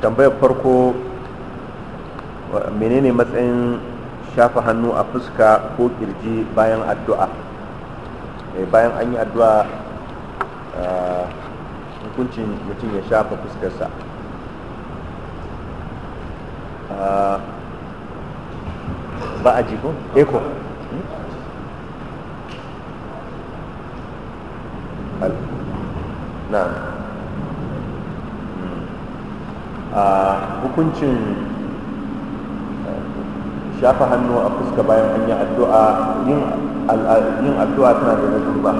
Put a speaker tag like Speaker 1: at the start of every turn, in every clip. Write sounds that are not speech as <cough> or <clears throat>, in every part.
Speaker 1: tambayar farko menene matsayin shafa hannu a fuska ko kirji bayan addu'a eh, bayan an yi addu'a hukuncin mutum ya shafa fuskarsa ba a jiko eko eh hmm? na a hukuncin eh, shafa hannu a fuska bayan an yi addu'a yin addu'a tana da ladubba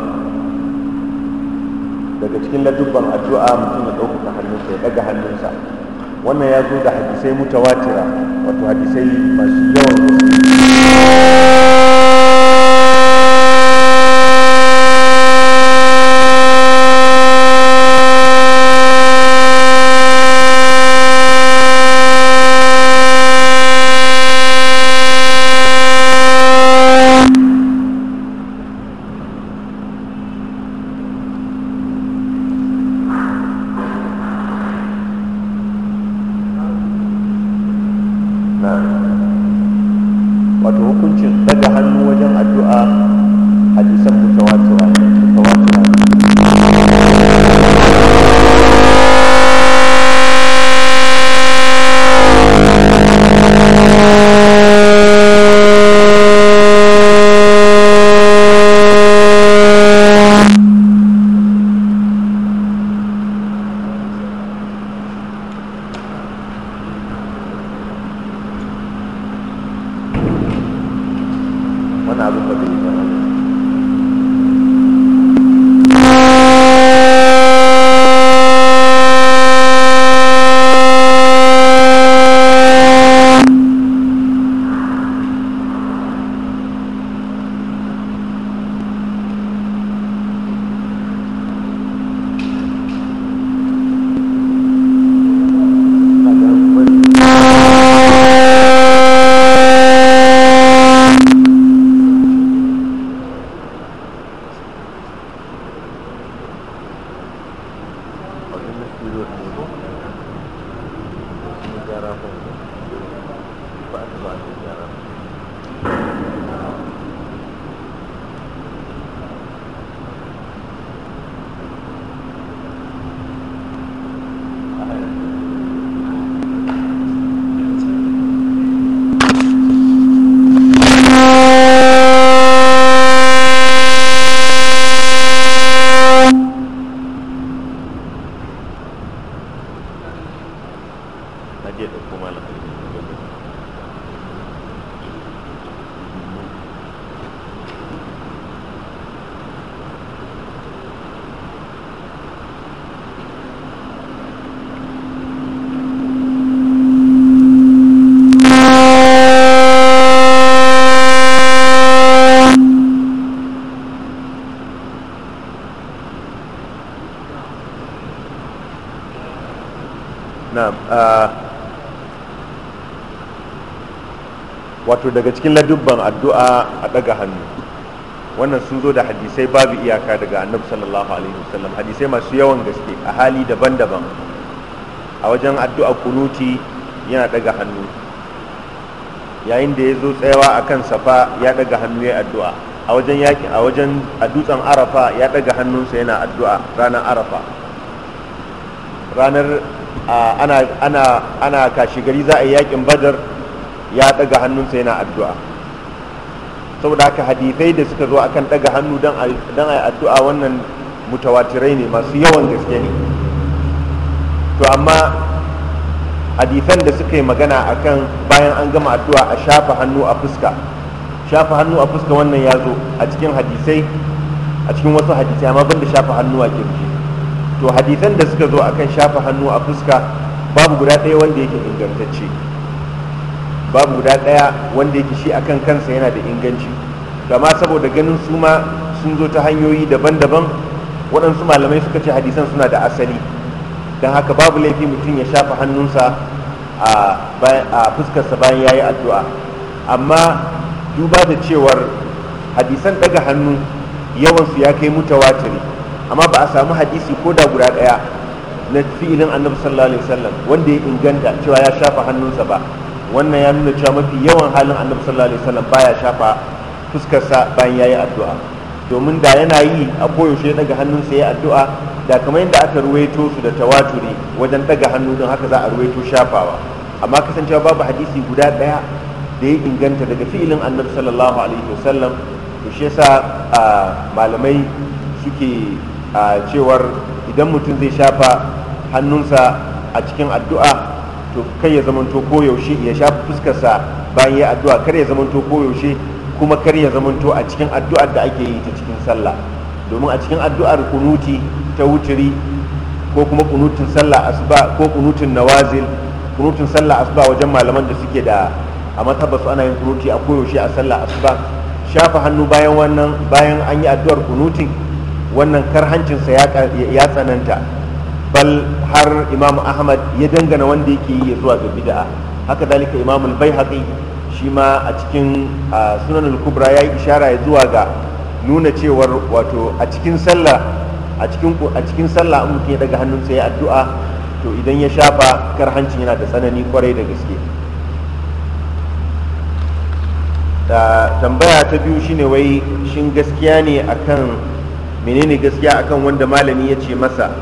Speaker 1: daga cikin ladubban addu'a mutum ya ɗaukaka hannunsa ya ɗaga hannunsa wannan ya zo da hadisai mutawatira wato hadisai masu yawan gaske wato daga cikin ladubban addu'a a daga hannu wannan sun zo da hadisai babu iyaka daga annabi sallallahu alaihi wasallam hadisai masu yawan gaske a hali daban-daban a wajen addu'a kunuti yana daga hannu yayin da ya zo tsayawa a kan safa ya daga hannu ya addu'a a wajen yaki a wajen a dutsen arafa ya daga hannunsa yana addu'a ranar arafa ranar ana ana ana kashi gari za a yi yakin badar ya daga hannunsa yana addu'a saboda haka hadisai da suka zo akan daga hannu don a yi addu'a wannan mutawatirai ne masu yawan gaske ne to amma hadisan da suka yi magana akan bayan an gama addu'a a shafa hannu a fuska shafa hannu a fuska wannan ya zo a cikin hadisai a cikin wasu hadisai amma banda shafa hannu a kirji to hadisan da suka zo akan shafa hannu a fuska babu guda ɗaya wanda yake ingantacce babu guda ɗaya wanda yake shi akan kansa yana da inganci gama saboda ganin su ma sun zo ta hanyoyi daban-daban waɗansu malamai suka ce hadisan suna da asali don haka babu laifi mutum ya shafa hannunsa a fuskarsa bayan ya yi addu'a amma duba da cewar hadisan ɗaga hannu yawansu ya kai watiri amma ba a samu hadisi ko da guda ɗaya na fi'ilin annabi sallallahu alaihi wasallam wanda ya inganta cewa ya shafa hannunsa ba wannan ya nuna cewa mafi yawan halin annabi sallallahu alaihi wasallam baya shafa fuskarsa bayan yayi addu'a domin da yana yi a koyaushe daga hannunsa yayi addu'a da kamar yadda aka ruwaito su da tawaturi wajen daga hannu don haka za a ruwaito shafawa amma kasancewa babu hadisi guda daya da ya inganta daga fi'ilin annabi sallallahu alaihi wasallam to shi yasa malamai suke cewar idan mutum zai shafa hannunsa a cikin addu'a to kai ya zamanto koyaushe ya sha fuskarsa bayan ya addu'a kar ya zamanto koyaushe kuma kar ya to a cikin addu'ar da ake yi ta cikin sallah domin a cikin addu'ar kunuti ta wuturi ko kuma kunutin sallah asuba ko kunutin nawazil kunutin sallah asuba wajen malaman da suke da a su ana yin kunuti a koyaushe a sallah asuba shafa hannu bayan wannan bayan an yi addu'ar kunutin wannan hancinsa ya tsananta bal har imam ahmad ya dangana wanda yake yi zuwa ga bid'a haka dalika imam al-baihaqi shi ma a cikin sunan al-kubra yayi ishara zuwa ga nuna cewa wato a cikin sallah a cikin a cikin sallah ya daga hannunsa ya addu'a to idan ya shafa kar hancin yana da tsanani kwarai da gaske tambaya ta biyu shine wai shin gaskiya ne akan menene gaskiya akan wanda malami ya ce masa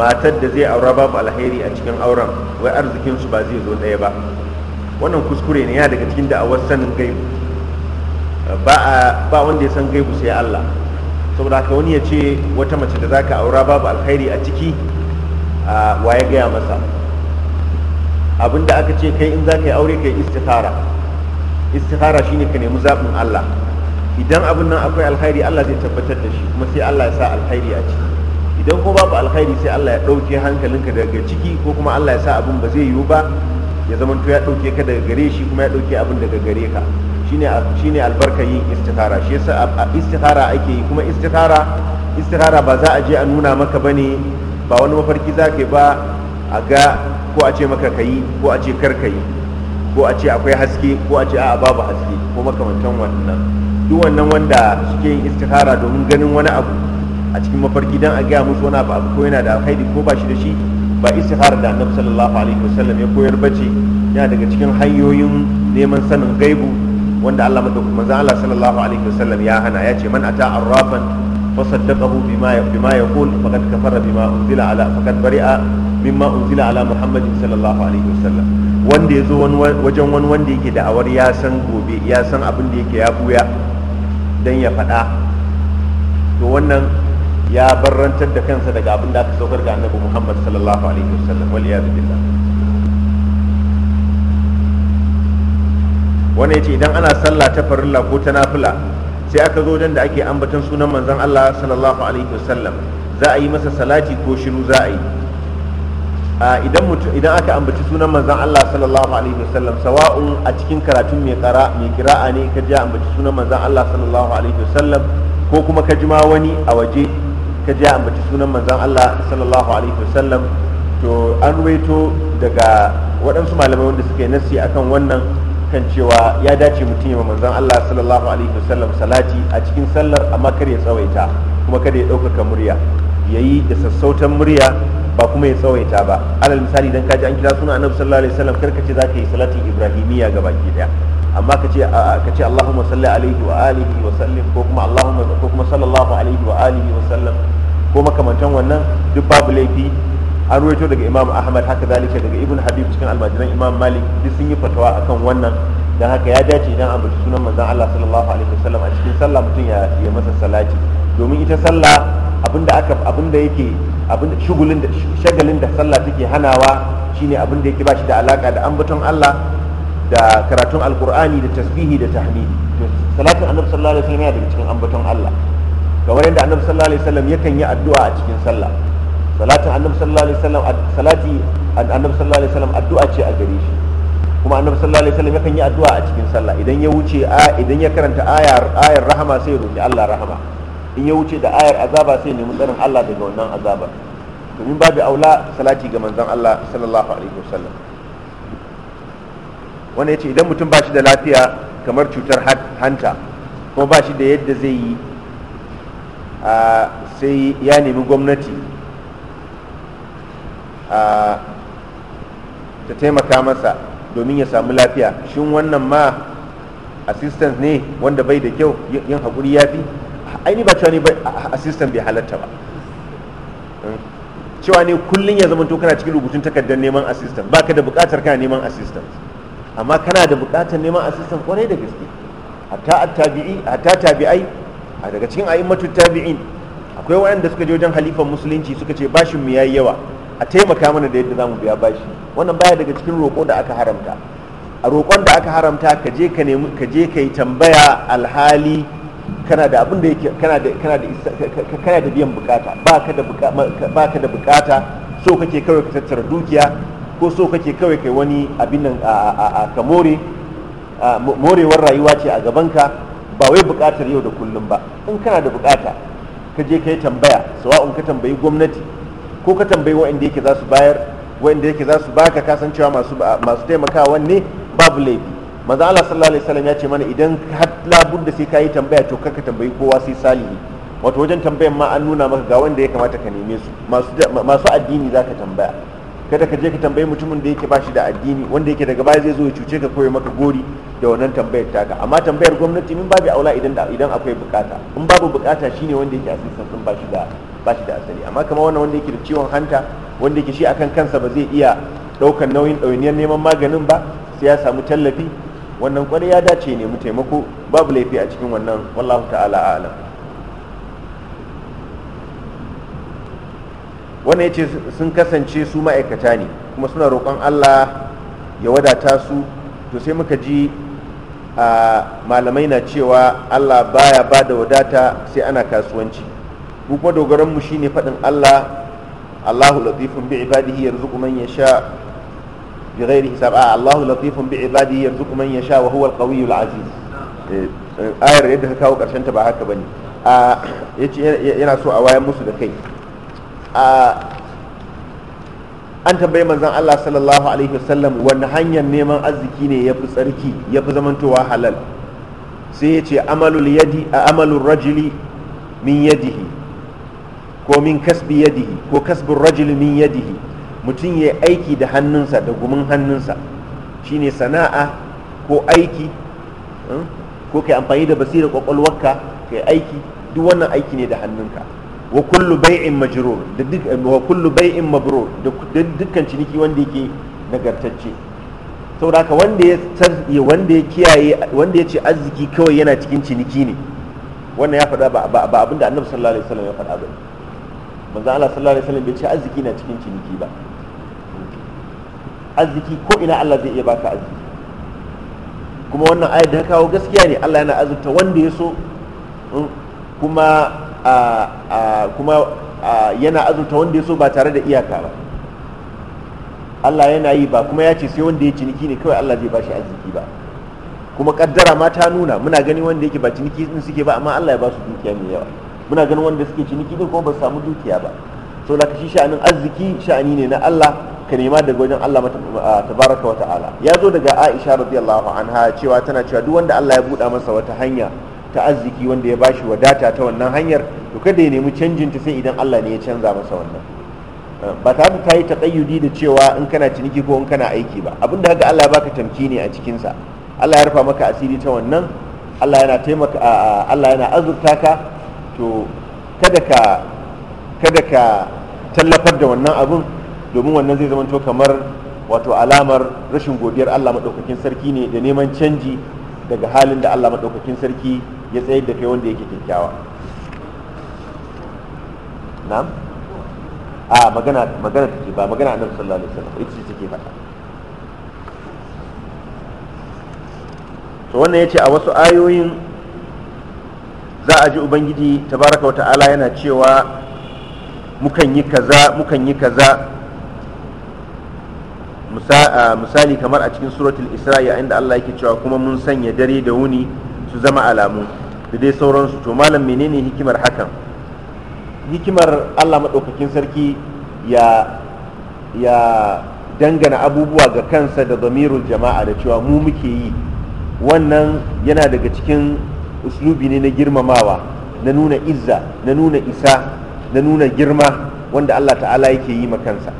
Speaker 1: matar da zai aura babu alheri a cikin auren wai arzikin su ba zai zo ɗaya ba wannan kuskure ne ya daga cikin da da'awar sanin gaibu ba wanda ya san gaibu sai Allah saboda haka wani ya ce wata mace da zaka aura babu alheri a ciki wa ya gaya masa abinda aka ce kai in za ka yi aure ka yi Istihara istikhara shine ka nemi zaɓin Allah idan abin nan akwai alheri Allah zai tabbatar da shi kuma sai Allah ya sa alheri a ciki idan ko babu alkhairi sai Allah ya dauke hankalinka daga ciki ko kuma Allah ya sa abin ba zai yiwu ba ya zama to ya dauke ka daga gare shi kuma ya dauke abin daga gare ka shine shine albarka yin istikhara shi yasa istikhara ake yi kuma istikhara istikhara ba za a je a nuna maka bane ba wani mafarki za ka ba a ga ko a ce maka kayi ko a ce kar kayi ko a ce akwai haske ko a ce a babu haske ko makamantan wannan duk wannan wanda suke yin istikhara domin ganin wani abu a cikin mafarki dan a gaya musu wani abu ko yana da alkhairi ko ba shi da shi ba istikhara da annabi sallallahu alaihi wasallam ya koyar bace yana daga cikin hanyoyin neman sanin gaibu wanda Allah madaukakin manzo Allah sallallahu alaihi wasallam ya hana ya ce man ata arrafan fasaddaqahu bima bima yaqul faqad kafara bima unzila ala faqad bari'a mimma unzila ala muhammadin sallallahu alaihi wasallam wanda ya zo wajen wani wanda yake da'awar ya san gobe ya san abin da yake ya buya dan ya faɗa to wannan ya barrantar da kansa daga abin da aka saukar ga annabi muhammad sallallahu alaihi wasallam wal iyadu billah wani ya ce idan ana sallah ta farilla ko ta nafila sai aka zo dan da ake ambaton sunan manzon allah sallallahu alaihi wasallam za a yi masa salati ko shiru za a yi idan idan aka ambaci sunan manzon Allah sallallahu alaihi wasallam sawa'un a cikin karatun mai kara mai kira'a ne ka ji ambaci sunan manzon Allah sallallahu alaihi wasallam ko kuma ka jima wani a waje ta je ambaci sunan manzon Allah sallallahu alaihi wasallam to an waito daga waɗansu malamai wanda suka yi nasi akan wannan kan cewa ya dace mutum yawa manzon Allah sallallahu alaihi wasallam salati a cikin sallar amma kar ya tsawaita kuma kada ya ɗaukaka murya ya yi da sassautan murya ba kuma ya tsawaita ba alal misali don kaji an kira sunan annabi sallallahu alaihi wasallam kar ka ce za ka yi salatin ibrahimiyya ga baki daya amma ka ce ka ce Allahumma salli alaihi wa alihi wa sallim ko kuma Allahumma ko kuma sallallahu alaihi wa alihi wa sallam ko makamantan wannan duk babu laifi an ruwaito daga imam ahmad haka zalika daga ibn habib cikin almajiran imam malik duk sun yi fatawa akan wannan dan haka ya dace idan an bata sunan manzon allah sallallahu alaihi wasallam a cikin sallah mutum ya yi masa salati domin ita sallah abinda aka abinda yake abinda shugulin da shagalin da sallah take hanawa shine abinda yake ba shi da alaka da ambaton allah da karatun alkur'ani da tasbihi da tahmidi to salatin annabi sallallahu alaihi wasallam yana daga cikin ambaton allah kamar yadda annabi sallallahu alaihi wasallam yakan yi addu'a a cikin sallah salatin annabi sallallahu alaihi wasallam salati annabi sallallahu alaihi wasallam addu'a ce a gare shi kuma annabi sallallahu alaihi wasallam yakan yi addu'a a cikin sallah idan ya wuce idan ya karanta ayar ayar rahama sai ya roki Allah rahama in ya wuce da ayar azaba sai ya nemi tsarin Allah daga wannan azaba to in babu aula salati ga manzon Allah sallallahu alaihi wasallam wanda yace idan mutum ba shi da lafiya kamar cutar hanta kuma ba shi da yadda zai yi sai ya nemi gwamnati ta taimaka masa domin ya samu lafiya shin wannan ma assistance ne wanda bai da kyau yin haƙuri ya fi aini ba cewa ne assistant bai halatta ba hmm? cewa ne kullum ya zama to kana cikin rubutun takardar neman assistant ka da buƙatar kana neman assistant amma kana da buƙatar neman assistant kwarai da gaske hatta hatta tabi'ai a daga cikin a'immatul tabi'in akwai waɗanda suka je wajen halifan musulunci suka ce bashin mu yayi yawa a taimaka mana da yadda zamu biya bashi wannan baya daga cikin roƙo da aka haramta a roƙon da aka haramta ka je ka nemi ka je kai tambaya alhali kana da abin da yake kana da kana da kana da biyan bukata baka da baka da bukata so kake kawai ka tattara dukiya ko so kake kawai kai wani abin nan a kamore morewar rayuwa ce a gabanka ba wai bukatar yau da kullum ba in kana da bukata ka je ka yi tambaya sawa'un ka tambayi gwamnati ko ka tambayi wa'anda yake za su bayar wa'anda yake za su baka kasancewa masu masu taimakawa ne babu laifi manzo Allah sallallahu alaihi wasallam ya ce mana idan har da sai ka yi tambaya to ka tambayi kowa sai salihi wato wajen tambayan ma an nuna maka ga wanda ya kamata ka neme su masu addini za ka tambaya kada ka je ka tambayi mutumin da yake bashi da addini wanda yake daga baya zai zo ya cuce ka koyi maka gori da wannan tambayar taka amma tambayar gwamnati min babu aula idan idan akwai bukata in babu bukata shine wanda yake asisan sun bashi da bashi da asali amma kamar wannan wanda yake da ciwon hanta wanda yake shi akan kansa ba zai iya daukan nauyin dauniyar neman maganin ba sai ya samu tallafi wannan kwarai ya dace ne mu taimako babu laifi a cikin wannan wallahu ta'ala a'lam wannan ya ce sun kasance su ma'aikata ne kuma suna roƙon allah ya wadata su to sai muka ji a malamai na cewa allah baya ba da wadata sai ana kasuwanci kuma dogaranmu shine faɗin allah allahu latifun bi ibadihi kuma ya sha bi ghairi hisab a allahu latifun bi ibadihi kuma ya sha wa huwa al-qawiyyu aziz eh, ayar yadda ka kawo karshen ta ba haka bane a yace yana so a wayan musu da kai an tambayi manzon Allah sallallahu alaihi wasallam wani hanyar neman arziki ne ya fi tsarki ya fi zamantowa halal sai ya ce amalul yadi a amalul rajuli min yadihi ko min kasbi yadihi ko kasbin rajuli min yadihi mutum ya aiki da hannunsa da gumin hannunsa shine sana'a ko aiki hmm, ko kai amfani da basira kwakwalwarka kai aiki duk wannan aiki ne da hannunka wa kullu bai'in majrur da duk wa kullu bai'in mabrur da dukkan ciniki wanda yake nagartacce saboda ka wanda ya wanda ya kiyaye wanda ya ce arziki kawai yana cikin ciniki ne wannan ya faɗa ba ba da annabi sallallahu alaihi wasallam ya faɗa ba manzo Allah sallallahu alaihi wasallam bai ce arziki na cikin ciniki ba arziki ko ina Allah zai iya baka arziki kuma wannan ayat da kawo gaskiya ne Allah yana azurta wanda ya so hmm, kuma kuma yana azurta wanda ya so ba tare da iyaka ba Allah yana yi ba kuma ya ce sai wanda ya ciniki ne kawai Allah zai ba shi arziki ba kuma kaddara ma ta nuna muna gani wanda yake ba ciniki din suke ba amma Allah ya ba su dukiya mai yawa muna ganin wanda suke ciniki din kuma ba su samu dukiya ba so da shi sha'anin arziki sha'ani ne na Allah ka nema daga wajen Allah tabaraka wa ta'ala ya zo daga Aisha radiyallahu anha cewa tana cewa duk wanda Allah ya buɗa masa wata hanya ta arziki wanda ya bashi wadata ta wannan hanyar to kada ya nemi canjin ta sai idan Allah ne ya canza masa wannan ba tare ta yi taƙayyudi da cewa in kana ciniki ko in kana aiki ba abinda haka Allah ya baka ne a cikinsa Allah ya rufa maka asiri ta wannan Allah yana taimaka Allah yana azurta ka to kada ka kada ka tallafar da wannan abun domin wannan zai zama to kamar wato alamar rashin godiyar Allah maɗaukakin sarki ne da neman canji daga halin da Allah maɗaukakin sarki ya tsayar da kai wanda yake kyakkyawa na'am a magana magana take ba magana annabi sallallahu alaihi wasallam ita ce take faɗa to wannan yace a wasu ayoyin za a ji ubangiji tabaraka wa ta'ala yana cewa mukan yi kaza mukan yi kaza misali kamar a cikin suratul isra yayin da Allah yake cewa kuma mun sanya dare da wuni su zama alamu da dai sauransu to malam menene hikimar hakan hikimar allah maɗaukakin sarki ya ya dangana abubuwa ga kansa da zamirul jama'a da cewa mu muke yi wannan yana daga cikin uslubi ne na girmamawa na nuna izza na nuna isa na nuna girma wanda allah ta'ala yake yi kansa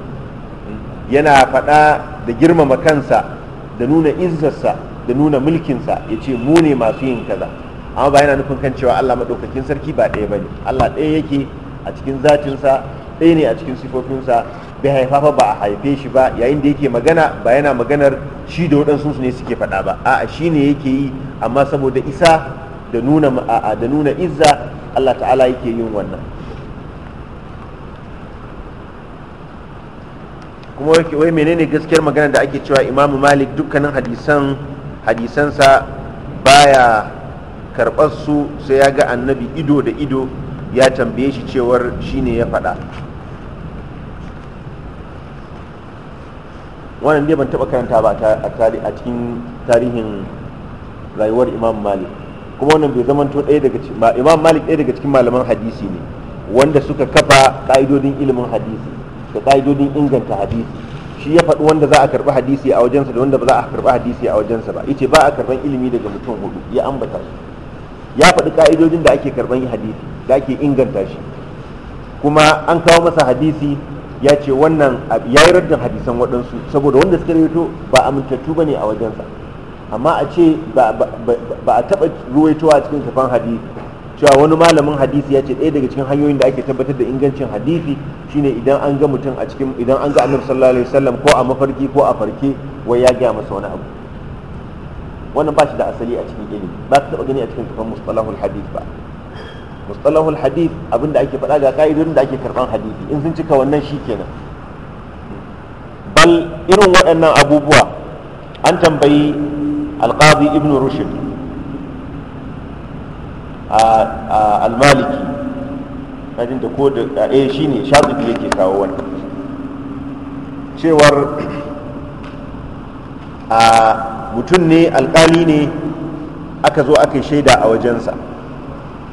Speaker 1: yana faɗa da girmama kansa da nuna izzarsa da nuna mulkinsa ya ce mu ne masu yin kaza amma ba yana nufin kan cewa Allah maɗaukakin sarki ba ɗaya bane Allah ɗaya yake a cikin zatinsa ɗaya ne a cikin sifofinsa bai haifafa ba a haife shi ba yayin da yake magana ba yana maganar shi da waɗansu su ne suke faɗa ba a'a shi ne yake yi amma saboda isa da nuna da nuna izza Allah ta'ala yake yin wannan kuma wai menene gaskiyar magana da ake cewa imamu malik dukkanin hadisan hadisansa baya karɓar su sai ya ga annabi ido da ido ya tambaye shi cewar shine ya faɗa wannan ne ban taɓa karanta ba a cikin tarihin rayuwar imam malik kuma wannan bai zamanto ɗaya daga cikin imam malik ɗaya daga cikin malaman hadisi ne wanda suka kafa ƙa'idodin ilimin hadisi da ƙa'idodin inganta hadisi shi ya faɗi wanda za a karɓi hadisi a wajensa da wanda ba za a karɓi hadisi a wajensa ba yace ba a karɓan ilimi daga mutum hudu ya ambata shi ya faɗi ka'idojin da ake karɓan hadisi da ake inganta shi kuma an kawo masa hadisi ya ce wannan ya yi raddin hadisan waɗansu saboda wanda suka rawaito ba amintattu ba ne a wajensa amma a ce ba a taɓa ruwaitowa cikin tafan hadisi cewa wani malamin hadisi ya ce ɗaya daga cikin hanyoyin da ake tabbatar da ingancin hadisi shine idan an ga mutum a cikin idan an ga annabi sallallahu alaihi wasallam ko a mafarki ko a farke wai ya gaya masa wani abu wannan ba shi da asali a cikin ilimi ba ka taɓa gani a cikin kafan mustalahul hadis ba mustalahul hadis abinda ake faɗa ga ka'idodin da ake karɓan hadisi in sun cika wannan shi kenan bal irin waɗannan abubuwa an tambayi alƙazi ibnu rushd a almaliki kajin da ko da a eh shine shafi'i yake kawo wani. cewar a mutum ne alƙali ne aka zo aka yi shaida a wajensa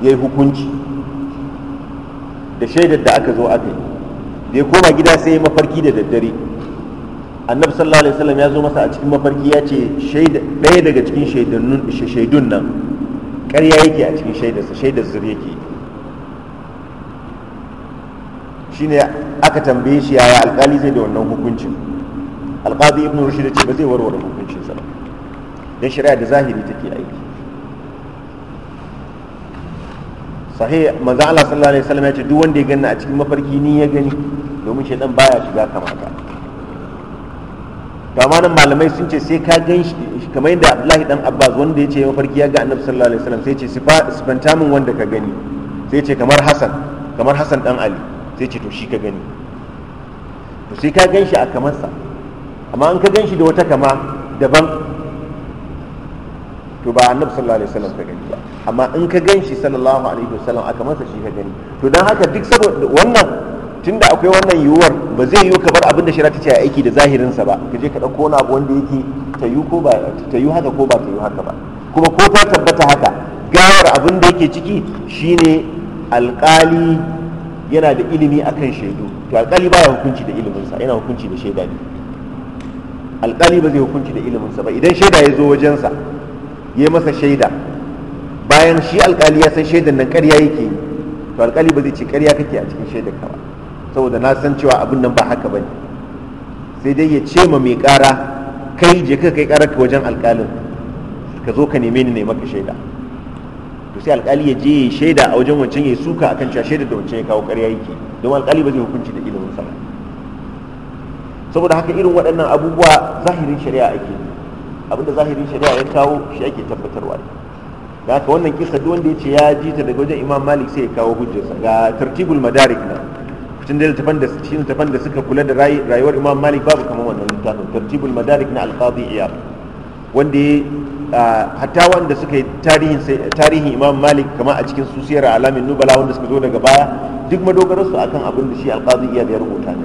Speaker 1: ya yi hukunci da shaidar da aka zo aka yi da ya koma gida sai ya mafarki da daddare annabi sallallahu alaihi wasallam ya zo masa a cikin mafarki ya ce ɗaya daga cikin shaidun nan ƙarya yake a cikin shaidarsa shaidar zur yake ne aka tambaye shi yaya alkali zai da wannan hukuncin alkazi ibn ce ba zai warware hukuncinsa sa don shari'a da zahiri take aiki sahi manzo Allah sallallahu alaihi wasallam ya ce duk wanda ya ganna a cikin mafarki ni ya gani domin shaidan baya shiga kamata to amma nan malamai sun ce sai ka gan shi kamar yadda Abdullahi dan Abbas wanda ya ce mafarki ya ga Annabi sallallahu alaihi wasallam sai ce sifanta min wanda ka gani sai ce kamar Hassan kamar Hassan dan Ali sai ce to shi ka gani to sai ka gan shi a sa amma in ka gan shi da wata kama daban to ba annabi sallallahu alaihi wasallam ka gani ba amma in ka gan shi sallallahu alaihi wasallam a sa shi ka gani to dan haka duk saboda wannan tunda akwai wannan yiwuwar ba zai yiwu ka bar abin da shirata ta ce aiki da zahirinsa ba ka je ka ɗauko wani abu wanda yake ta yi ko ba ta yi haka ko ba ta yi haka ba kuma ko ta tabbata haka gawar abin da yake ciki shine alƙali yana da ilimi akan shaidu to ba baya hukunci da iliminsa yana hukunci da shaida ne alƙali ba zai hukunci da iliminsa ba idan shaida ya zo wajensa ya ya masa shaida bayan shi alƙali ya san shaidan nan ƙarya yake yi to alƙali ba zai ce ƙarya kake a cikin shaidar ka ba saboda na san cewa abin nan ba haka bane sai dai ya ce ma mai ƙara kai je ka kai ƙarar ka wajen alƙalin ka zo ka neme ni ne maka shaida to sai alƙali ya je ya shaida a wajen wancan ya suka akan cewa shaida da wancan ya kawo ƙarya yake don alƙali ba zai hukunci da ilimin sa saboda haka irin waɗannan abubuwa zahirin shari'a ake abinda zahirin shari'a ya kawo shi ake tabbatarwa da haka wannan kisa duk wanda ya ce ya ji ta daga wajen imam malik sai ya kawo hujjarsa ga tartibul madarik na cikin dai tafan da cikin tafan da suka kula da rayuwar imam malik babu kamar wannan littafin tartibul madarik na Al-Qadi iyab wanda ya hatta wanda suka yi tarihin tarihin imam malik kamar a cikin susiyar alamin nubala wanda suka zo daga baya duk madogararsu akan abin da shi alqadi iyab ya rubuta ne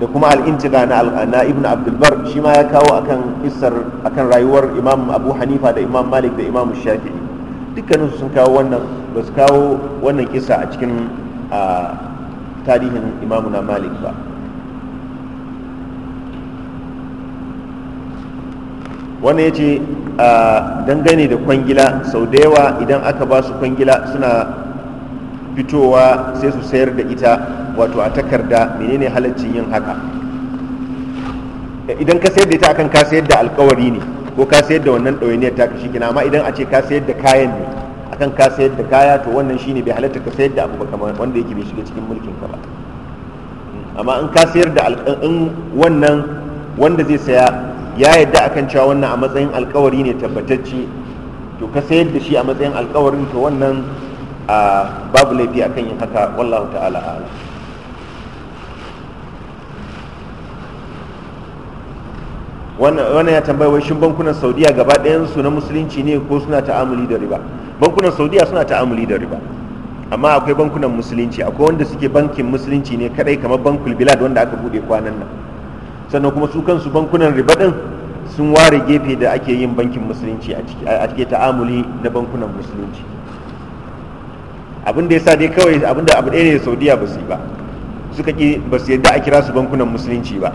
Speaker 1: da kuma al-intiqa na na ibn abdul bar shi ma ya kawo akan isar akan rayuwar imam abu hanifa da imam malik da imam shafi'i dukkaninsu sun kawo wannan ba su kawo wannan kisa a cikin tarihin imamuna malik ba wannan ya ce dangane da kwangila sau da yawa idan aka ba su kwangila suna fitowa sai su sayar da ita wato a takarda menene halaccin yin haka idan ka sayar da ita akan ka sayar da alkawari ne ko ka sayar da wannan ɗawainiyar ta shi kina amma idan a ce ka sayar da kayan ne akan ka sayar da kaya to wannan shine bai halatta ka sayar da abu ba kamar wanda yake bai shiga cikin mulkin ka ba amma in ka sayar da alƙan wannan wanda zai saya ya yadda akan cewa wannan a matsayin alkawari ne tabbatacce to ka sayar da shi a matsayin alkawarin to wannan a babu laifi akan yin haka wallahu ta'ala ala. wannan ya tambayi wai shin bankunan saudiya gaba ɗayan su na musulunci ne ko suna ta'amuli da riba bankunan saudiya suna ta'amuli da riba amma akwai bankunan musulunci akwai wanda suke bankin musulunci ne kadai kamar bankul bilad wanda aka bude kwanan nan sannan kuma su kansu bankunan riba din sun ware gefe da ake yin bankin musulunci a cike ta'amuli na bankunan musulunci abin da yasa dai kawai abin da abu ɗaya ne saudiya ba su yi ba suka ki ba su yadda a kira su bankunan musulunci ba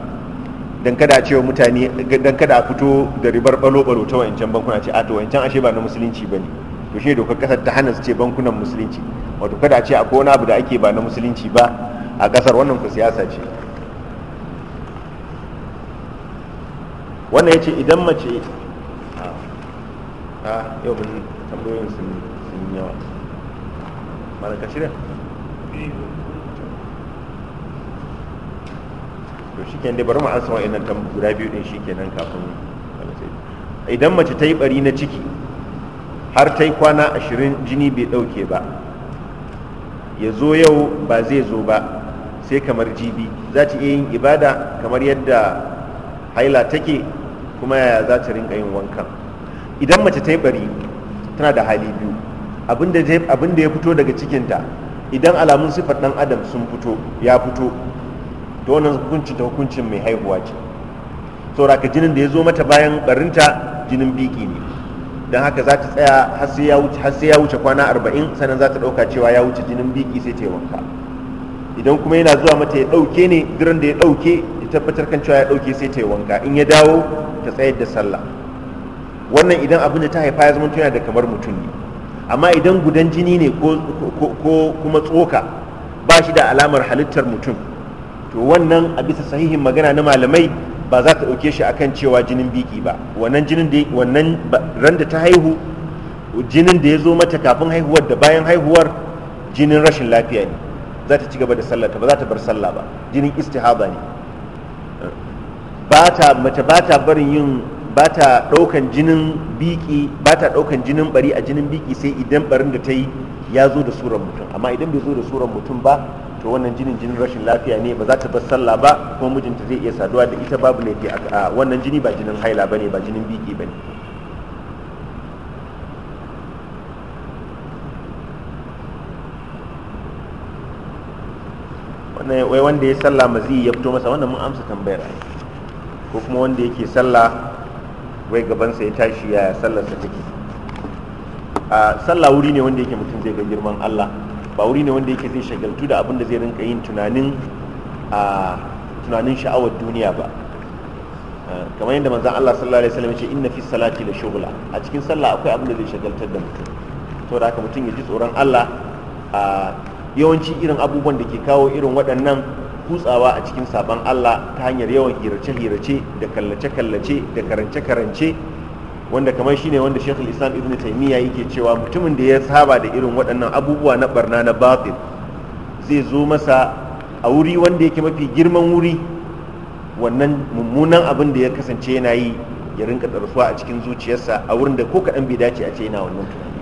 Speaker 1: dan kada a cewa mutane dan kada a fito da ribar balo balo ta wayancan bankuna ce a to wayancan ashe ba na musulunci bane to shi dokar kasar ta hana su ce bankunan musulunci wato kada ce akwai wani abu da ake ba na musulunci ba a kasar wannan ku siyasa ce wannan ya ce idan mace a yau bin tambayoyin sun yawa malaka shirya to shi dai bari mu ansa wa'annan guda biyu din shi kenan kafin idan mace ta yi bari na ciki har ta yi kwana ashirin jini bai ɗauke ba ya zo yau ba zai zo ba sai kamar jibi za ta iya yin ibada kamar yadda haila take kuma yaya za ta rinka yin wanka idan mace ta yi bari tana da hali biyu abin da ya fito daga cikinta idan alamun sifar ɗan adam sun fito ya fito to wannan hukuncin ta hukuncin mai haihuwa ce saura ka jinin da ya zo mata bayan barinta jinin biki ne don haka za ta tsaya har sai ya wuce kwana arba'in sannan za ta ɗauka cewa ya wuce jinin biki sai ta yi wanka idan kuma yana zuwa mata ya ɗauke ne duran da ya ɗauke ya tabbatar kan cewa ya ɗauke sai ta yi wanka in ya dawo ta tsayar da sallah wannan idan abin da ta haifa ya zama yana da kamar mutum ne amma idan gudan jini ne ko kuma tsoka ba shi da alamar halittar mutum to wannan a bisa sahihin magana na malamai ba za ta ɗauke shi akan cewa jinin biki ba wannan jinin da wannan ran da ta haihu jinin da ya zo mata kafin haihuwar da bayan haihuwar jinin rashin lafiya ne za ta ci gaba da sallah ba za ta bar sallah ba jinin istihaba ne bata mata bata barin yin bata ɗaukan jinin biki bata jinin bari a jinin biki sai idan barin da ta yi ya zo da surar mutum amma idan bai zo da surar mutum ba to wannan jinin jinin rashin lafiya ne ba za ta bar sallah ba kuma mijinta zai iya saduwa da ita babu ne a wannan jini ba jinin haila ba ne ba jinin biki ba ne wai wanda ya sallah mazi ya fito masa wannan mun amsa tambayar ai ko kuma wanda yake sallah wai gabansa ya tashi ya sallarsa take a sallah wuri ne wanda yake mutum zai ga girman Allah ba wuri ne wanda yake zai shagaltu da abin zai rinka yin tunanin a sha'awar duniya ba kamar yadda manzan Allah sallallahu alaihi wasallam ya ce inna fi salati da shughla a cikin sallah akwai abin da zai shagaltar da mutum da haka mutum ya ji tsoron Allah a yawanci irin abubuwan da ke kawo irin waɗannan kutsawa a cikin sabon Allah ta hanyar yawan hirace-hirace da kallace-kallace da karance-karance wanda kamar shine wanda shekul islam ibn taimiyya yake cewa mutumin da ya saba da irin waɗannan abubuwa na barna na batin zai zo masa a wuri wanda yake mafi girman wuri wannan mummunan abin da ya kasance yana yi ya rinka tsarsuwa a cikin zuciyarsa a wurin da ko kaɗan bai dace a ce yana wannan tunani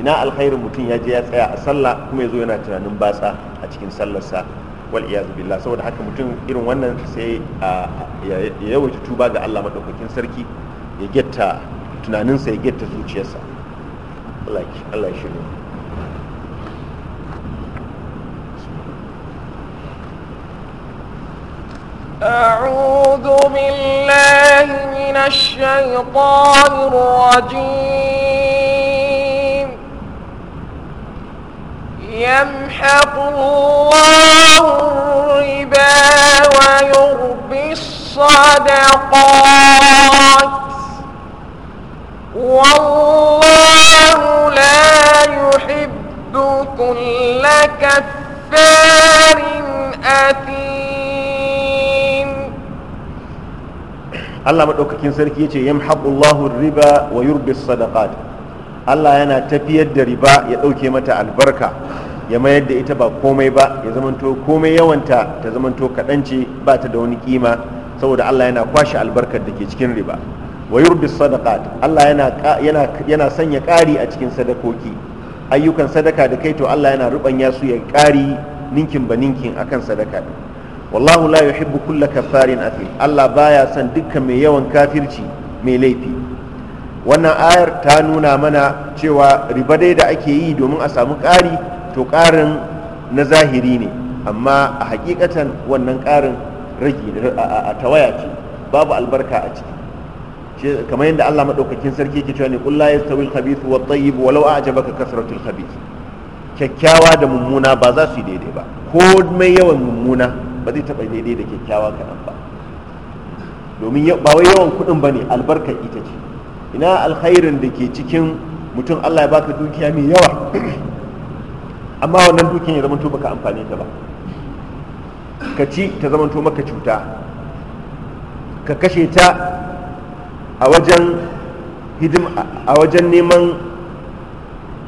Speaker 1: ina alkhairin mutum ya je ya tsaya a sallah kuma ya zo yana tunanin batsa a cikin sallarsa wal iyazu billah saboda haka mutum irin wannan sai ya yawaita tuba ga Allah madaukakin sarki ya getta tunaninsa ya getta zuciyarsa Allah shi ne
Speaker 2: أعوذ بالله من الشيطان الرجيم يمحق الله الربا ويربي الصدقات والله لا يحب كل كفار أثيم
Speaker 1: الله مدوكاكين سركي يتي يمحب الله الربا ويربي الصدقات الله yana tafiyar da riba ya ɗauke mata albarka ya mayar da ita ba komai ba ya zamanto komai yawanta ta zamanto kaɗan ce ba ta da wani kima saboda Allah yana kwashe albarkar da ke cikin riba wa yurdi sadaqat Allah yana yana sanya ƙari a cikin sadakoki ayyukan sadaka da kai to Allah yana rubanya su ya ƙari ninkin ba ninkin akan sadaka wallahu la yuhibbu kulla kafarin athim Allah baya son dukkan mai yawan kafirci mai laifi wannan ayar ta nuna mana cewa riba dai da ake yi domin a samu ƙari to ƙarin na zahiri ne amma a hakikatan wannan ƙarin ragi a tawaya ce babu albarka a ciki kamar yadda Allah madaukakin sarki yake cewa ne qul la yastawi al-khabith wa at-tayyib walau a'jabaka kasratu al-khabith kyakkyawa da mummuna ba za su yi daidai ba ko mai yawan mummuna ba zai taba daidai da kyakkyawa kaɗan ba domin ba wai yawan kuɗin ba ne albarkar ita ce ina alkhairin da ke cikin mutum Allah ya baka dukiya mai yawa <clears throat> amma wannan dukiyan ya zamanto baka amfani ta ba ka ci ta zamanto maka cuta ka kashe ta a wajen neman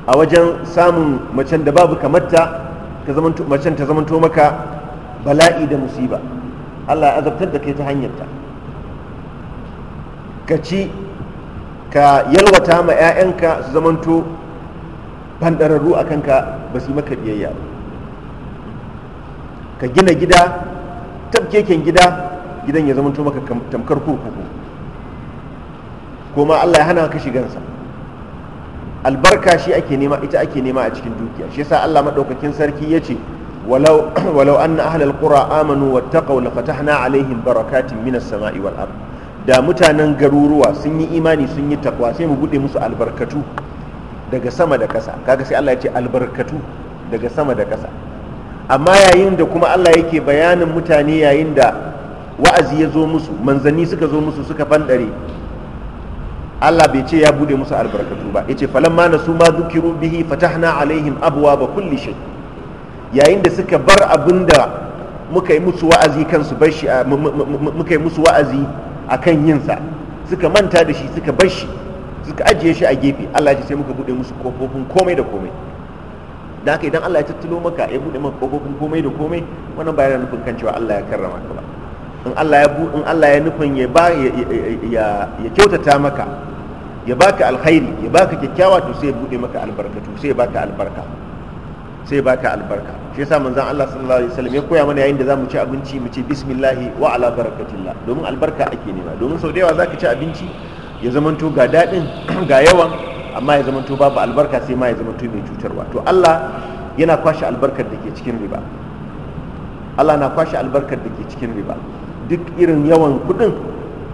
Speaker 1: a wajen samun macen da babu kamarta ta macen ta zamanto maka bala'i da musiba Allah ya azabtar da kai ta hanyarta ka ci ka yalwata ma 'ya'yanka su zamanto banɗararru a kanka ba su yi maka biyayya ba ka gina gida tabkeken gida gidan ya zamanto maka tamkar kurkuku kuma Allah ya hana ka shigansa albarka shi ake nema ita ake nema a cikin dukiya shi yasa Allah madaukakin sarki yace walau <clears throat> walau anna ahlal qura amanu wattaqaw la fatahna alaihim barakatin minas sama'i wal ard da mutanen garuruwa sun yi imani sun yi takwa sai mu bude musu albarkatu daga sama da ƙasa kaga sai Allah ya ce albarkatu daga sama da ƙasa amma yayin da kuma Allah yake bayanin mutane yayin da wa'azi ya zo musu manzanni suka zo musu suka fandare Allah bai ce ya bude musu albarkatu ba yace falamma su ma dhukiru bihi fatahna alaihim ba kulli shay yayin da suka bar abinda muka yi musu wa'azi kansu bar shi muka yi musu wa'azi akan yin sa suka manta da shi suka bar shi suka ajiye shi a gefe Allah ya sai muka bude musu kofofin komai da komai dan haka idan Allah ya tattalo maka ya bude maka kofofin komai da komai wannan ba yana nufin kan cewa Allah ya karrama ka ba in Allah ya in Allah ya nufin ya ba ya kyautata maka ya baka alkhairi ya baka kyakkyawa to sai ya bude maka albarkatu sai ya baka albarka sai ya baka albarka shi yasa manzon Allah sallallahu alaihi wasallam ya koya mana yayin da zamu ci abinci mu ce bismillah wa ala barakatillah domin albarka ake nema domin sau da yawa zaka ci abinci ya zamanto ga dadin <clears throat> ga yawan amma ya zamanto babu albarka sai ma ya zamanto mai cutarwa to Allah yana kwashe albarkar da ke cikin riba Allah na kwashe albarkar da ke cikin riba duk irin yawan kudin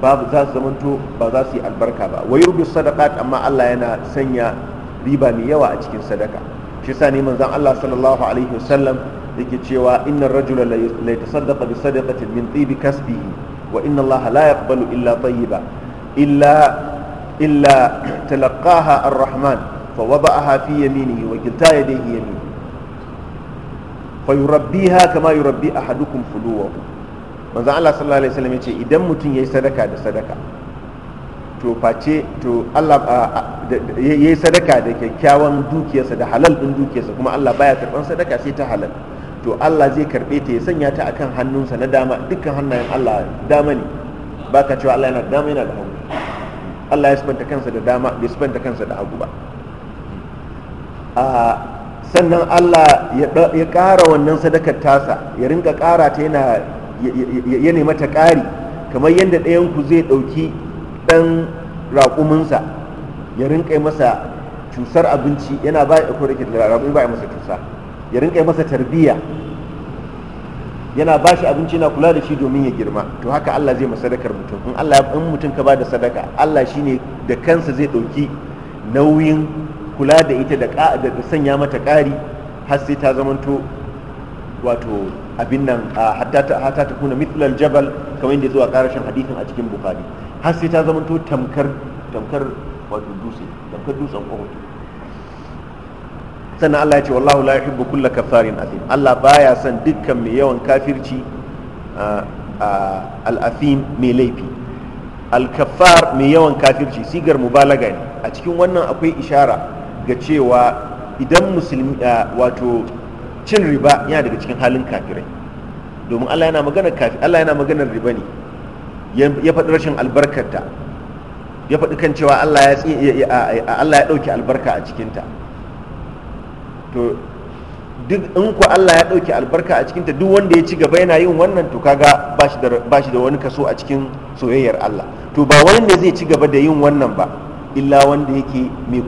Speaker 1: babu za su zamanto ba za su yi albarka ba wa yurbi sadaqat amma Allah yana sanya riba mai yawa a cikin sadaka shi yasa ne manzon Allah sallallahu alaihi wasallam yake cewa innar rajula la yatasaddaqa bi sadaqatin min tibi kasbihi wa inna Allah la yaqbalu illa tayyiba illa illa talaqaha ar-rahman fa wada'aha fi yaminihi wa kilta yadayhi yamin fa yurabbiha kama yurabbi ahadukum fuluwahu manzon Allah sallallahu alaihi wasallam yace idan mutum yayi sadaka da sadaka to face to Allah yayi sadaka da kyakkyawan dukiyarsa da halal din dukiyarsa kuma Allah baya karban sadaka sai ta halal to Allah zai karbe ta ya sanya ta akan hannunsa na dama dukkan hannayen Allah dama ne baka cewa Allah yana da dama yana da hagu Allah ya sifanta kansa da dama bai sifanta kansa da hagu ba sannan Allah ya ƙara wannan sadakar tasa ya rinka ƙara ta yana ya nema ta ƙari kamar yadda ɗayanku zai ɗauki ɗan raƙuminsa ya rinƙa masa cusar abinci yana ba ya kore da raƙumi ba ya masa cusa ya rinƙa masa tarbiyya yana ba shi abinci yana kula da shi domin ya girma to haka Allah zai masa sadakar mutum in Allah in mutum ka ba da sadaka Allah shine da kansa zai ɗauki nauyin kula da ita da sanya mata ƙari har sai ta zamanto wato abin nan hatta ta kuna mithlal jabal kamar yadda zuwa karashin hadisin a cikin bukhari har sai ta zama to tamkar tamkar wato dutse tamkar dutsen uhud sannan Allah ya ce wallahu la yuhibbu kulla kafarin athim Allah baya son dukkan mai yawan kafirci al-athim mai laifi al-kaffar mai yawan kafirci sigar mubalaga ne a cikin wannan akwai ishara ga cewa idan musulmi wato cin riba yana daga cikin halin kafirai domin Allah yana magana kafi Allah yana magana riba ne ya faɗi rashin albarkarta ya faɗi kan cewa Allah ya Allah ya ɗauki albarka a cikinta to duk in ku Allah ya ɗauki albarka a cikinta duk wanda ya ci gaba yana yin wannan to kaga ba shi da wani kaso a cikin soyayyar Allah to ba wani ne zai ci gaba da yin wannan ba illa wanda yake mai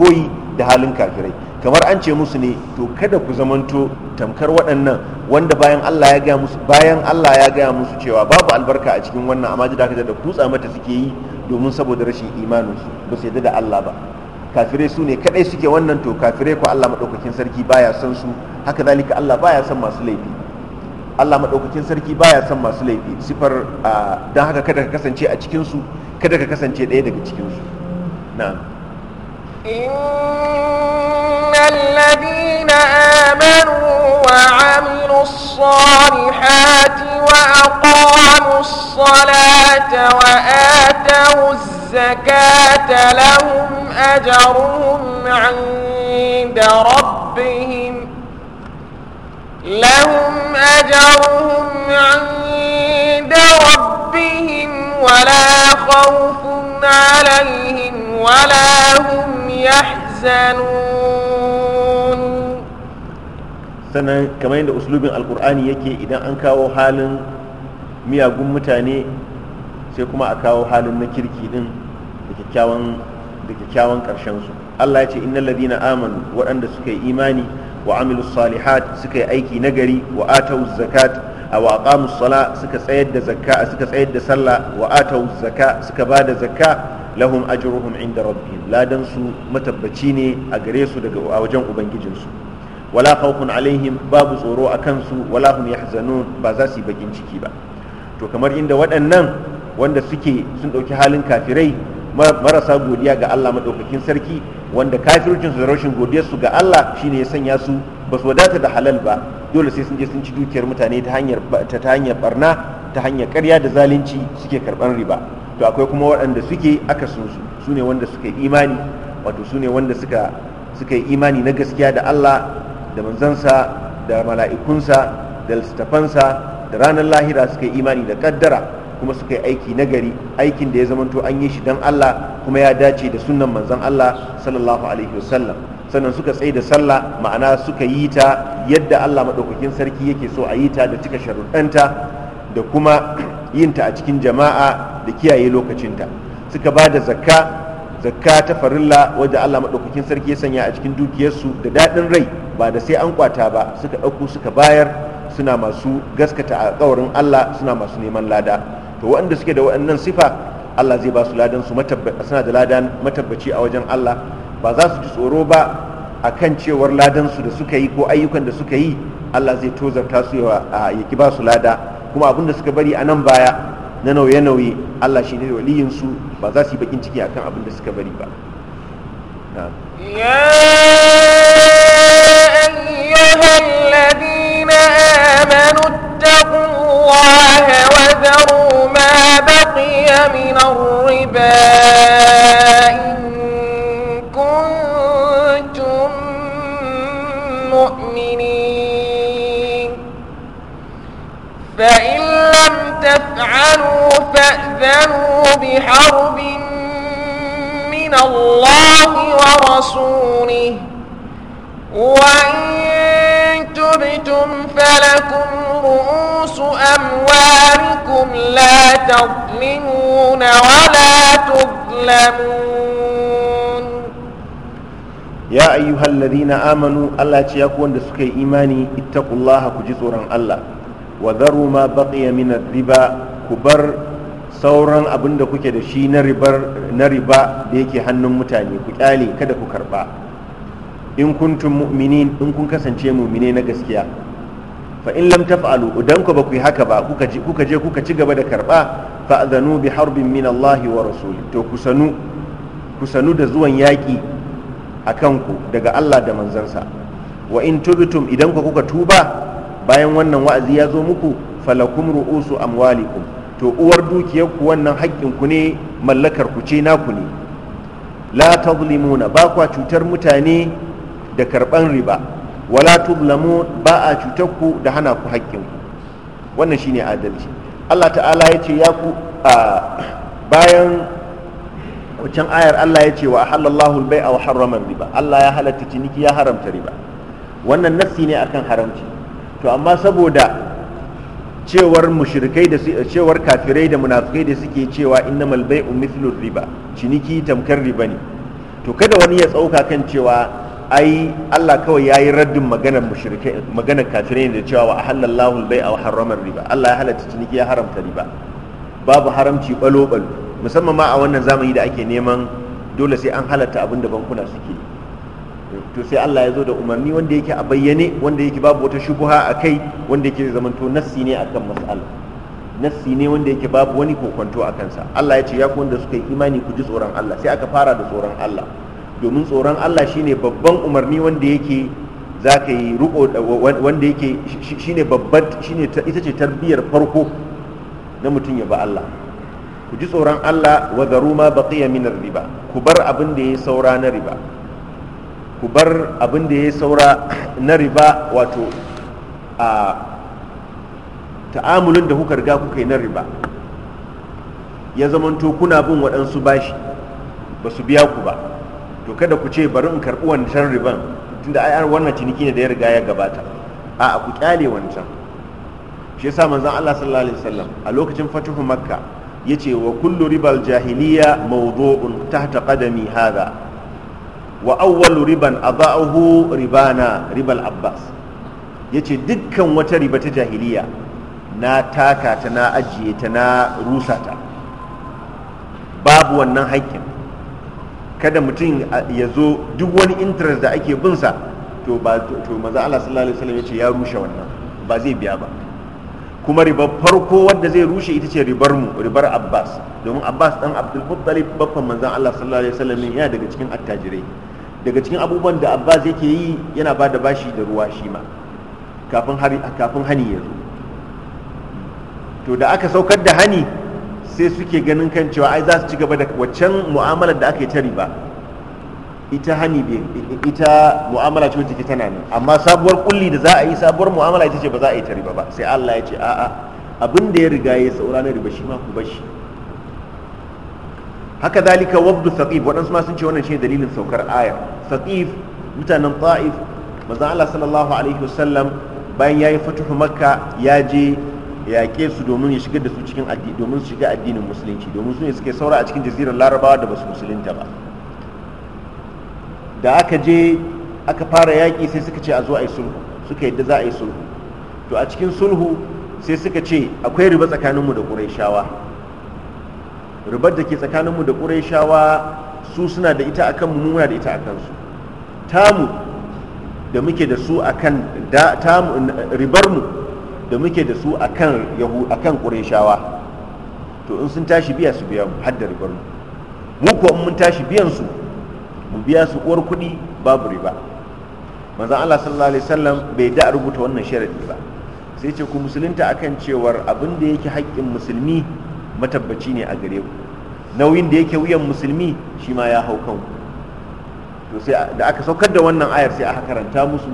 Speaker 1: koyi da halin kafirai kamar an ce musu ne to kada ku zamanto tamkar waɗannan wanda bayan Allah ya gaya musu bayan Allah ya gaya musu cewa babu albarka a cikin wannan amma ji da da kutsa mata suke yi domin saboda rashin imanin su ba su yadda da Allah ba kafirai su ne kadai suke wannan to kafirai ko Allah madaukakin sarki baya son su haka zalika Allah baya son masu laifi Allah madaukakin sarki baya son masu laifi sifar dan haka kada ka kasance a cikin su kada ka kasance ɗaya daga cikin su na'am
Speaker 2: إن الذين آمنوا وعملوا الصالحات وأقاموا الصلاة وآتوا الزكاة لهم أجرهم عند ربهم لهم أجرهم عند ربهم ولا خوف عليهم ولا هم يحزنون
Speaker 1: sannan kamar yadda uslubin alkur'ani yake idan an kawo halin miyagun mutane sai kuma a kawo halin na kirki din da kyakkyawan karshen su Allah ya ce innal ladina amanu waɗanda suka yi imani wa amilu salihat suka yi aiki nagari wa atau zakat wa aqamu sala suka tsayar da zakka suka tsayar da sallah wa atau zakka suka ba da zakka lahum ajruhum inda rabbihim ladan su matabbaci ne a gare su daga wajen ubangijinsu wala khawfun alaihim babu tsoro a kansu wala hum yahzanun ba za su yi bakin ciki ba to kamar inda waɗannan wanda suke sun ɗauki halin kafirai marasa godiya ga Allah madaukakin sarki wanda kafircin su da rashin godiyarsu ga Allah shine ya sanya su ba su wadata da halal ba dole sai sun je sun ci dukiyar mutane ta hanyar ta hanyar barna ta hanyar ƙarya da zalunci suke karban riba to akwai kuma waɗanda suke aka sun su sune wanda suka yi imani wato su wanda suka suka yi imani na gaskiya da Allah da manzansa da mala'ikunsa da littafansa da ranar lahira suka yi imani da kaddara kuma suka yi aiki nagari aikin da ya zamanto an yi shi don Allah kuma ya dace da sunan manzan Allah sallallahu alaihi wasallam sannan suka tsaye da sallah ma'ana suka yi ta yadda Allah maɗaukakin sarki yake so a yi ta da cika sharuɗanta da kuma yin ta a cikin jama'a da kiyaye lokacinta suka ba da zakka zakka ta farilla wadda Allah maɗaukakin sarki ya sanya a cikin dukiyarsu da daɗin rai ba da sai an kwata ba suka ɗauko suka bayar suna masu gaskata a alkawarin Allah suna masu neman lada to waɗanda suke da waɗannan sifa Allah zai ba su ladan su suna da ladan matabbaci a wajen Allah ba za su ji tsoro ba a kan cewar ladan su da suka yi ko ayyukan da suka yi Allah zai tozarta su ya ki ba su lada kuma abin da suka bari a nan baya na nauye-nauye Allah shi ne waliyin su ba za su yi bakin ciki akan abin da suka bari ba.
Speaker 2: كنتم مؤمنين فإن لم تفعلوا فأذنوا بحرب من الله ورسوله وإن تبتم فلكم رؤوس أموالكم لا تظلمون ولا تظلمون
Speaker 1: يا أيها الذين آمنوا الله تيكون لسكي إيماني اتقوا الله كجسورا الله وذروا ما بقي من الربا كبر sauran abin da kuke da shi na riba da yake hannun mutane ku kyale kada ku karba in kuntum mu'mini in kun kasance mu'mini na gaskiya fa in lam taf'alu idan ku ba yi haka ba kuka je kuka je kuka ci gaba da karba fa adanu bi harbin min Allah wa rasuli to ku sanu ku sanu da zuwan yaki akan ku daga Allah da manzansa wa in tubtum idan ku kuka tuba bayan wannan wa'azi ya zo muku falakum ru'usu amwalikum to uwar dukiyar ku wannan haƙƙin ku ne mallakar ku ce naku ne la tazlimuna ba kwa cutar mutane da karban riba wala tuzlamun ba a cutar ku da hana ku haƙƙin ku wannan shine adalci Allah ta'ala ya ce ya ku bayan wancan ayar Allah ya ce wa halallahu bai a wa harrama riba Allah ya halatta ciniki ya haramta riba wannan nassi ne akan haramci to amma saboda cewar mushrikai da cewar kafirai da munafikai da suke cewa innamal bai'u mithlu riba ciniki tamkar riba ne to kada wani ya tsauka kan cewa ai Allah kawai ya yi raddin maganar mushrike maganar kafirai da cewa wa ahallallahu bai a haramar riba Allah ya halatta ciniki ya haramta riba babu haramci balo balo musamman ma a wannan zamani da ake neman dole sai an halatta abin da bankuna suke to sai Allah ya zo da umarni wanda yake a bayyane wanda yake babu wata shubuha a kai wanda yake zamanto nassi ne akan mas'ala nassi ne wanda yake babu wani kokonto a kansa Allah ya ce ya ku wanda suka yi imani ku ji tsoron Allah sai aka fara da tsoron Allah domin tsoron Allah shine babban umarni wanda yake za ka yi riko wanda yake shine babban shine ita ce tarbiyyar farko na mutum ya ba Allah ku ji tsoron Allah wa zaru ma baqiya min riba ku bar abin da yayi saura na riba ku bar abin da yayi saura na riba wato a ta'amulin da kuka riga kuka yi na riba ya zamanto kuna bin waɗansu bashi ba su biya ku ba to kada ku ce bari in karɓi wancan riban tunda ai wannan ciniki ne da ya riga ya gabata a ku kyale wancan shi yasa manzon Allah sallallahu alaihi wasallam a lokacin fatuhu makka yace wa kullu ribal jahiliya mawdu'un tahta qadami hadha wa awwalu riban adahu ribana ribal abbas yace dukkan wata riba ta jahiliya na taka ta na ajiye ta na rusa ta babu wannan haƙƙin kada mutum ya zo duk wani interest da ake bin sa to ba to maza Allah sallallahu alaihi wasallam ya ce ya rushe wannan ba zai biya ba kuma ribar farko wadda zai rushe ita ce ribar mu ribar Abbas domin Abbas dan Abdul Muttalib baffan manzon Allah sallallahu alaihi wasallam yana daga cikin attajirai daga cikin abubuwan da Abbas yake yi yana ba da bashi da ruwa shi ma kafin hari kafin hani ya zo to da aka saukar da hani sai suke ganin kan cewa ai za su ci gaba da waccan mu'amalar da aka yi ta riba ita hani ita mu'amala ce wacce tana nan amma sabuwar kulli da za a yi sabuwar mu'amala ita ce ba za a yi ta riba ba sai Allah ya ce a'a abin da ya riga ya saura na riba shi ma ku bashi haka dalika wabdu saqif waɗansu ma sun ce wannan shine dalilin saukar aya saqif mutanen ta'if manzon Allah sallallahu alaihi wasallam bayan yayi fatuhu makka ya je yaƙe su domin ya shiga da su cikin addini domin su shiga addinin musulunci domin su ne suke saura a cikin jazirar larabawa da basu musulunta ba da aka je aka fara yaƙi sai suka ce a zo a yi sulhu suka yadda za a yi sulhu to a cikin sulhu sai suka ce akwai riba tsakaninmu da ƙurayshawa ribar da ke tsakaninmu da ƙurayshawa su suna da ita akan mu muna da ita akan su tamu da muke da su akan ribar mu da muke da su akan yahu akan qurayshawa to in sun tashi biya su biya mu haddar ribar mu mu ko mun tashi biyan su mu biya su uwar kuɗi babu riba manzon Allah sallallahu alaihi wasallam bai da rubuta wannan sharadi ba sai ce ku musulunta akan cewar abin da yake haƙƙin musulmi matabbaci ne a gare ku nauyin da yake wuyan musulmi shi ma ya hau kanku to sai da aka saukar da wannan ayar sai a karanta musu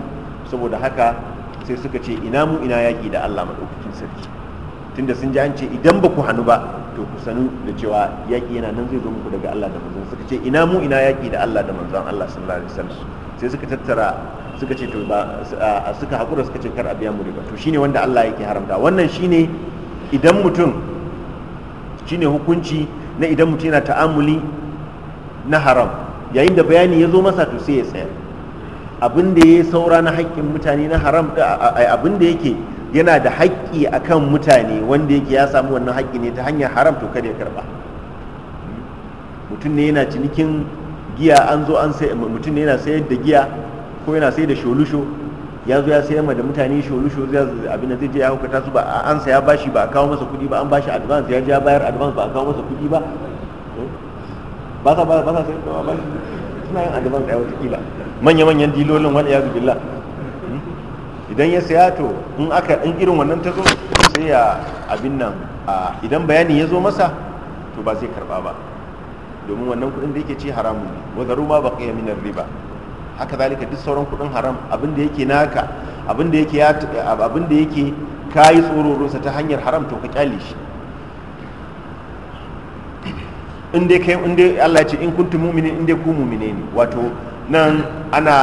Speaker 1: saboda haka sai suka ce ina mu ina yaƙi da Allah maɗaukakin sarki tunda sun ji an ce idan ba ku hannu ba to ku sanu da cewa yaƙi yana nan zai zo muku daga Allah da manzon suka ce ina mu ina yaƙi da Allah da manzon Allah sallallahu alaihi wasallam sai suka tattara suka ce to ba suka haƙura suka ce kar a biya mu riba to shine wanda Allah yake haramta wannan shine idan mutum shine hukunci na idan mutum yana ta'amuli na haram yayin da bayani ya zo masa to sai ya tsaya abin da ya saura na haƙƙin mutane na haram abin da yake yana da haƙƙi akan mutane wanda yake ya samu wannan haƙƙi ne ta hanyar haram to kada ya karba mutum ne yana cinikin giya an zo an sai mutum ne yana sayar da giya ko yana sayar da sholusho ya zo ya sayar ma da mutane sholusho zai abin da zai je ya hukata su ba an saya bashi ba a kawo masa kuɗi ba an bashi advance ya ja bayar advance ba a kawo masa kuɗi ba ba sa ba sa sayar ba ba suna yin advance ɗaya wata kila manya-manyan dilolin wani ya billah hmm? idan ya saya to in aka in irin wannan ta zo sai ya abin nan idan bayani ya zo masa to ba zai karba ba domin wannan kudin da yake ci haramun ne wa zaru ma baqiya min riba haka zalika duk sauran kudin haram abin da yake naka abin da yake abin da yake kayi tsororonsa ta hanyar haram to ka kyale shi in dai kai in dai Allah ya ce in kuntum mu'minin in dai ku mu'mine ne wato nan ana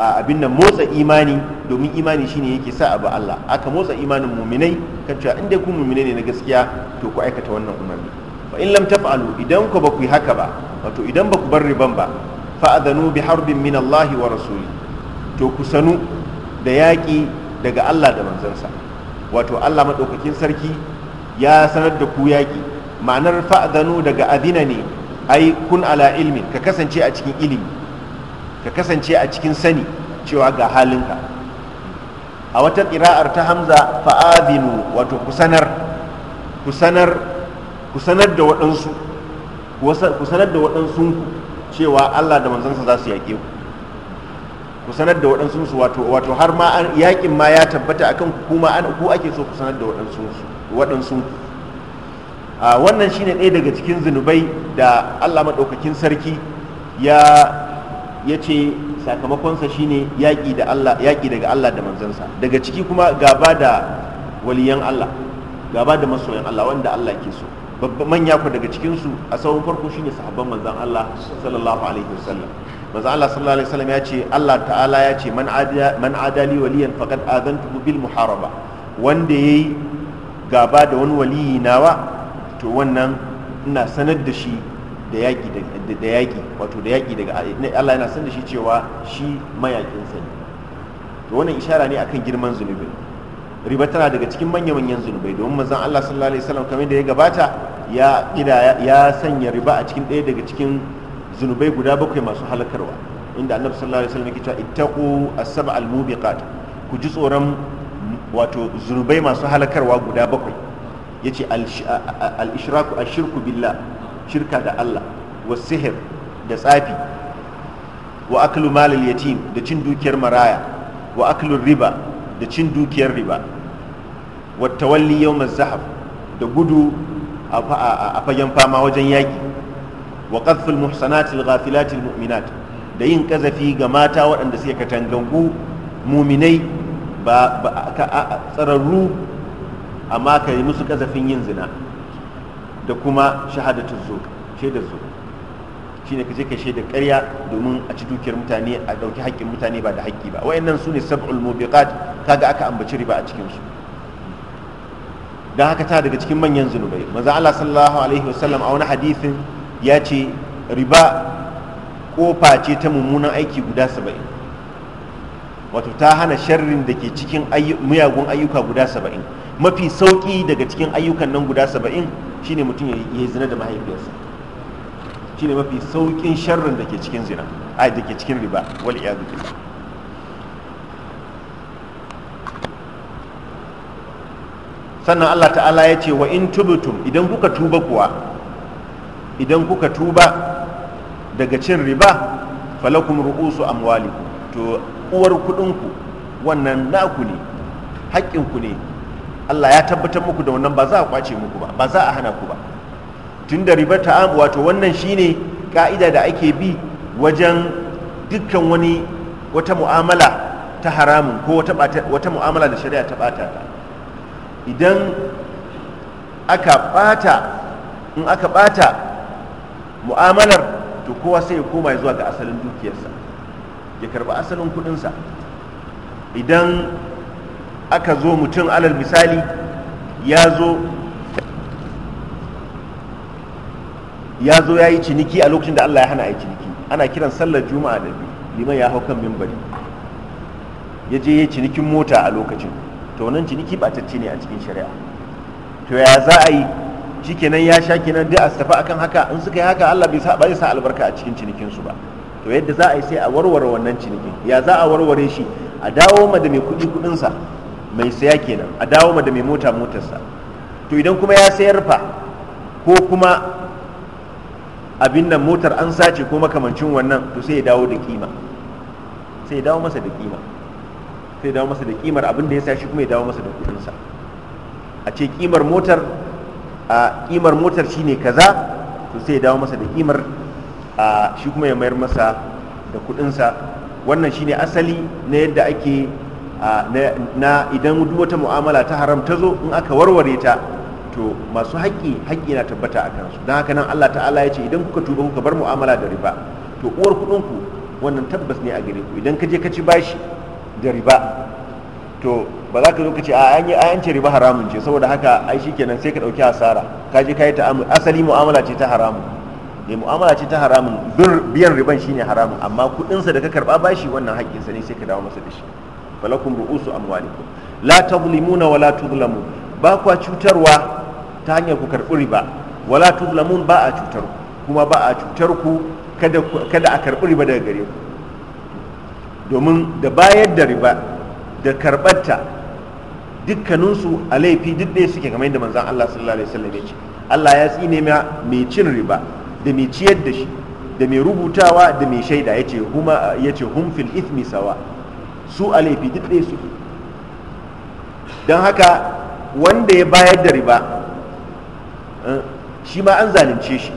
Speaker 1: a abin nan motsa imani domin imani shine yake sa abu Allah aka motsa imanin muminai kan cewa inda ku muminai ne na gaskiya to ku aikata wannan umarni fa in lam taf'alu idan ku ba ku yi haka ba wato idan ba ku bar riban ba fa adanu bi harbin min Allah wa rasuli to ku sanu da yaƙi daga Allah da manzansa wato Allah madaukakin sarki ya sanar da ku yaƙi ma'anar adanu daga adina ne ai kun ala ilmin ka kasance a cikin ilimi ka kasance a cikin sani cewa ga halinka a wata ƙira'ar ta hamza fa'adinu wato kusanar kusanar kusanar da waɗansu kusanar da waɗansunku cewa allah da manzansa za su yaƙe ku kusanar sanar da waɗansu su wato wato har ma yakin ma ya tabbata akan ku kuma ku ake so ku sanar da waɗansu waɗansu wannan shine ɗaya daga cikin zunubai da Allah maɗaukakin sarki ya ce sakamakonsa shine yaƙi yaƙi daga Allah da manzansa daga ciki kuma gaba da waliyan Allah gaba da masoyan Allah wanda Allah ke so babban manya ku daga cikin su a tsawon farko shine sahabban manzan Allah sallallahu alaihi wasallam manzan Allah sallallahu alaihi wasallam ya ce Allah ta'ala ya ce man adali man adali waliyan faqad azantu bil muharaba wanda yayi gaba da wani waliyi nawa to wannan ina sanar da shi da yaƙi da yaƙi wato da yaƙi daga Allah yana sanar da shi cewa shi mayaƙin sa ne to wannan ishara ne akan girman zunubi riba tana daga cikin manya manyan zunubai domin manzon Allah sallallahu alaihi wasallam kamar da ya gabata ya ida ya sanya riba a cikin ɗaya daga cikin zunubai guda bakwai masu halakarwa inda annabi sallallahu alaihi wasallam yake cewa ittaqu as-sab'a al-mubiqat ku ji tsoron wato zunubai masu halakarwa guda bakwai yace al-ishraku shirku billah shirka da Allah wa sihir da tsafi wa aklu malil yatim da cin dukiyar maraya wa aklu riba da cin dukiyar riba wa tawalli yawmaz zahab da gudu a fagen fama wajen yaki wa qadful muhsanatil ghafilatil mu'minat da yin ƙazafi ga mata waɗanda suke katangangu muminai ba tsararru amma ka yi musu kazafin yin zina da kuma shahadatun zo shaidar zo ne ka je ka shaida karya domin a ci dukiyar mutane a ɗauki haƙƙin mutane ba da haƙƙi ba wayannan su ne sab'ul mubiqat kaga aka ambaci riba a cikin su don haka ta daga cikin manyan zunubai maza Allah sallallahu alaihi wasallam a wani hadisin ya ce riba kofa ce ta mummunan aiki guda saba'in wato ta hana sharrin da ke cikin miyagun ayyuka guda saba'in mafi sauki daga cikin ayyukan nan guda saba'in shine mutum ya yi zina da mahaifiyarsa shine mafi saukin sharrin da ke cikin zina a da ke cikin riba wal iyadu billah sannan Allah ta'ala ya ce wa in tubtum idan kuka tuba kuwa idan kuka tuba daga cin riba falakum ru'usu amwalikum to uwar kudinku wannan naku ne haƙƙinku ne Allah ya tabbatar muku da wannan ba za a kwace muku ba ba za a hana ku ba tun da riba ta wato wannan shine ka'ida da ake bi wajen dukkan wani wata mu'amala ta haramun ko wata mu'amala da shari'a ta bata ta idan aka bata in aka bata mu'amalar to kowa sai ya koma zuwa ga asalin dukiyarsa ya karba asalin kudinsa idan aka zo mutum alal misali ya zo ya zo ya yi ciniki a lokacin da Allah ya hana a yi ciniki ana kiran sallar juma'a da liman ya hau kan mimbari ya je ya yi cinikin mota a lokacin to wannan ciniki ba ta ne a cikin shari'a to ya za a yi kenan ya sha kenan duk a tafi akan haka in suka yi haka Allah bai sa ba sa albarka a cikin cinikin su ba to yadda za a yi sai a warware wannan cinikin ya za a warware shi a dawo ma da mai kuɗi kuɗinsa mai saya kenan a dawo ma da mai mota motarsa to idan kuma ya sayar fa ko kuma abin nan motar an sace ko makamancin wannan to sai ya dawo da kima sai ya dawo masa da kima sai ya dawo masa da kimar abin da ya sashi kuma ya dawo masa da kudinsa a ce kimar motar a kimar motar shine kaza to sai ya dawo masa da kimar a shi kuma ya mayar masa da kudinsa wannan shine asali na yadda ake na idan duk wata mu'amala ta haram ta zo in aka warware ta to masu haƙƙi haƙƙi na tabbata a kansu don haka nan Allah ta'ala ya ce idan kuka tuba kuka bar mu'amala da riba to uwar kuɗinku wannan tabbas ne a gare ku idan ka je ka ci bashi da riba to ba za ka zo ka ce a an ce riba haramun ce saboda haka ai kenan sai ka ɗauki asara ka je ka yi ta'amul asali mu'amala ce ta haramun ne mu'amala ce ta haramun biyan riban shine haramun amma kuɗinsa da ka karɓa bashi wannan haƙƙinsa ne sai ka dawo masa da shi falakum ru'usu amwalikum la tazlimuna wala tuzlamun ba kwa cutarwa ta hanyar ku karɓi riba wala tuzlamun ba a cutar kuma ba a cutar ku kada kada a karɓi riba daga gare ku domin da bayar da riba da karɓarta dukkaninsu a laifi duk ɗaya suke kamar yadda manzan Allah sallallahu alaihi wasallam ya ce Allah ya tsine ma mai cin riba da mai ciyar da shi da mai rubutawa da mai shaida ya ce hum fil ithmi sawa su a laifi duk ɗaya su don haka wanda ya bayar da riba eh, shi ma an zalunce shi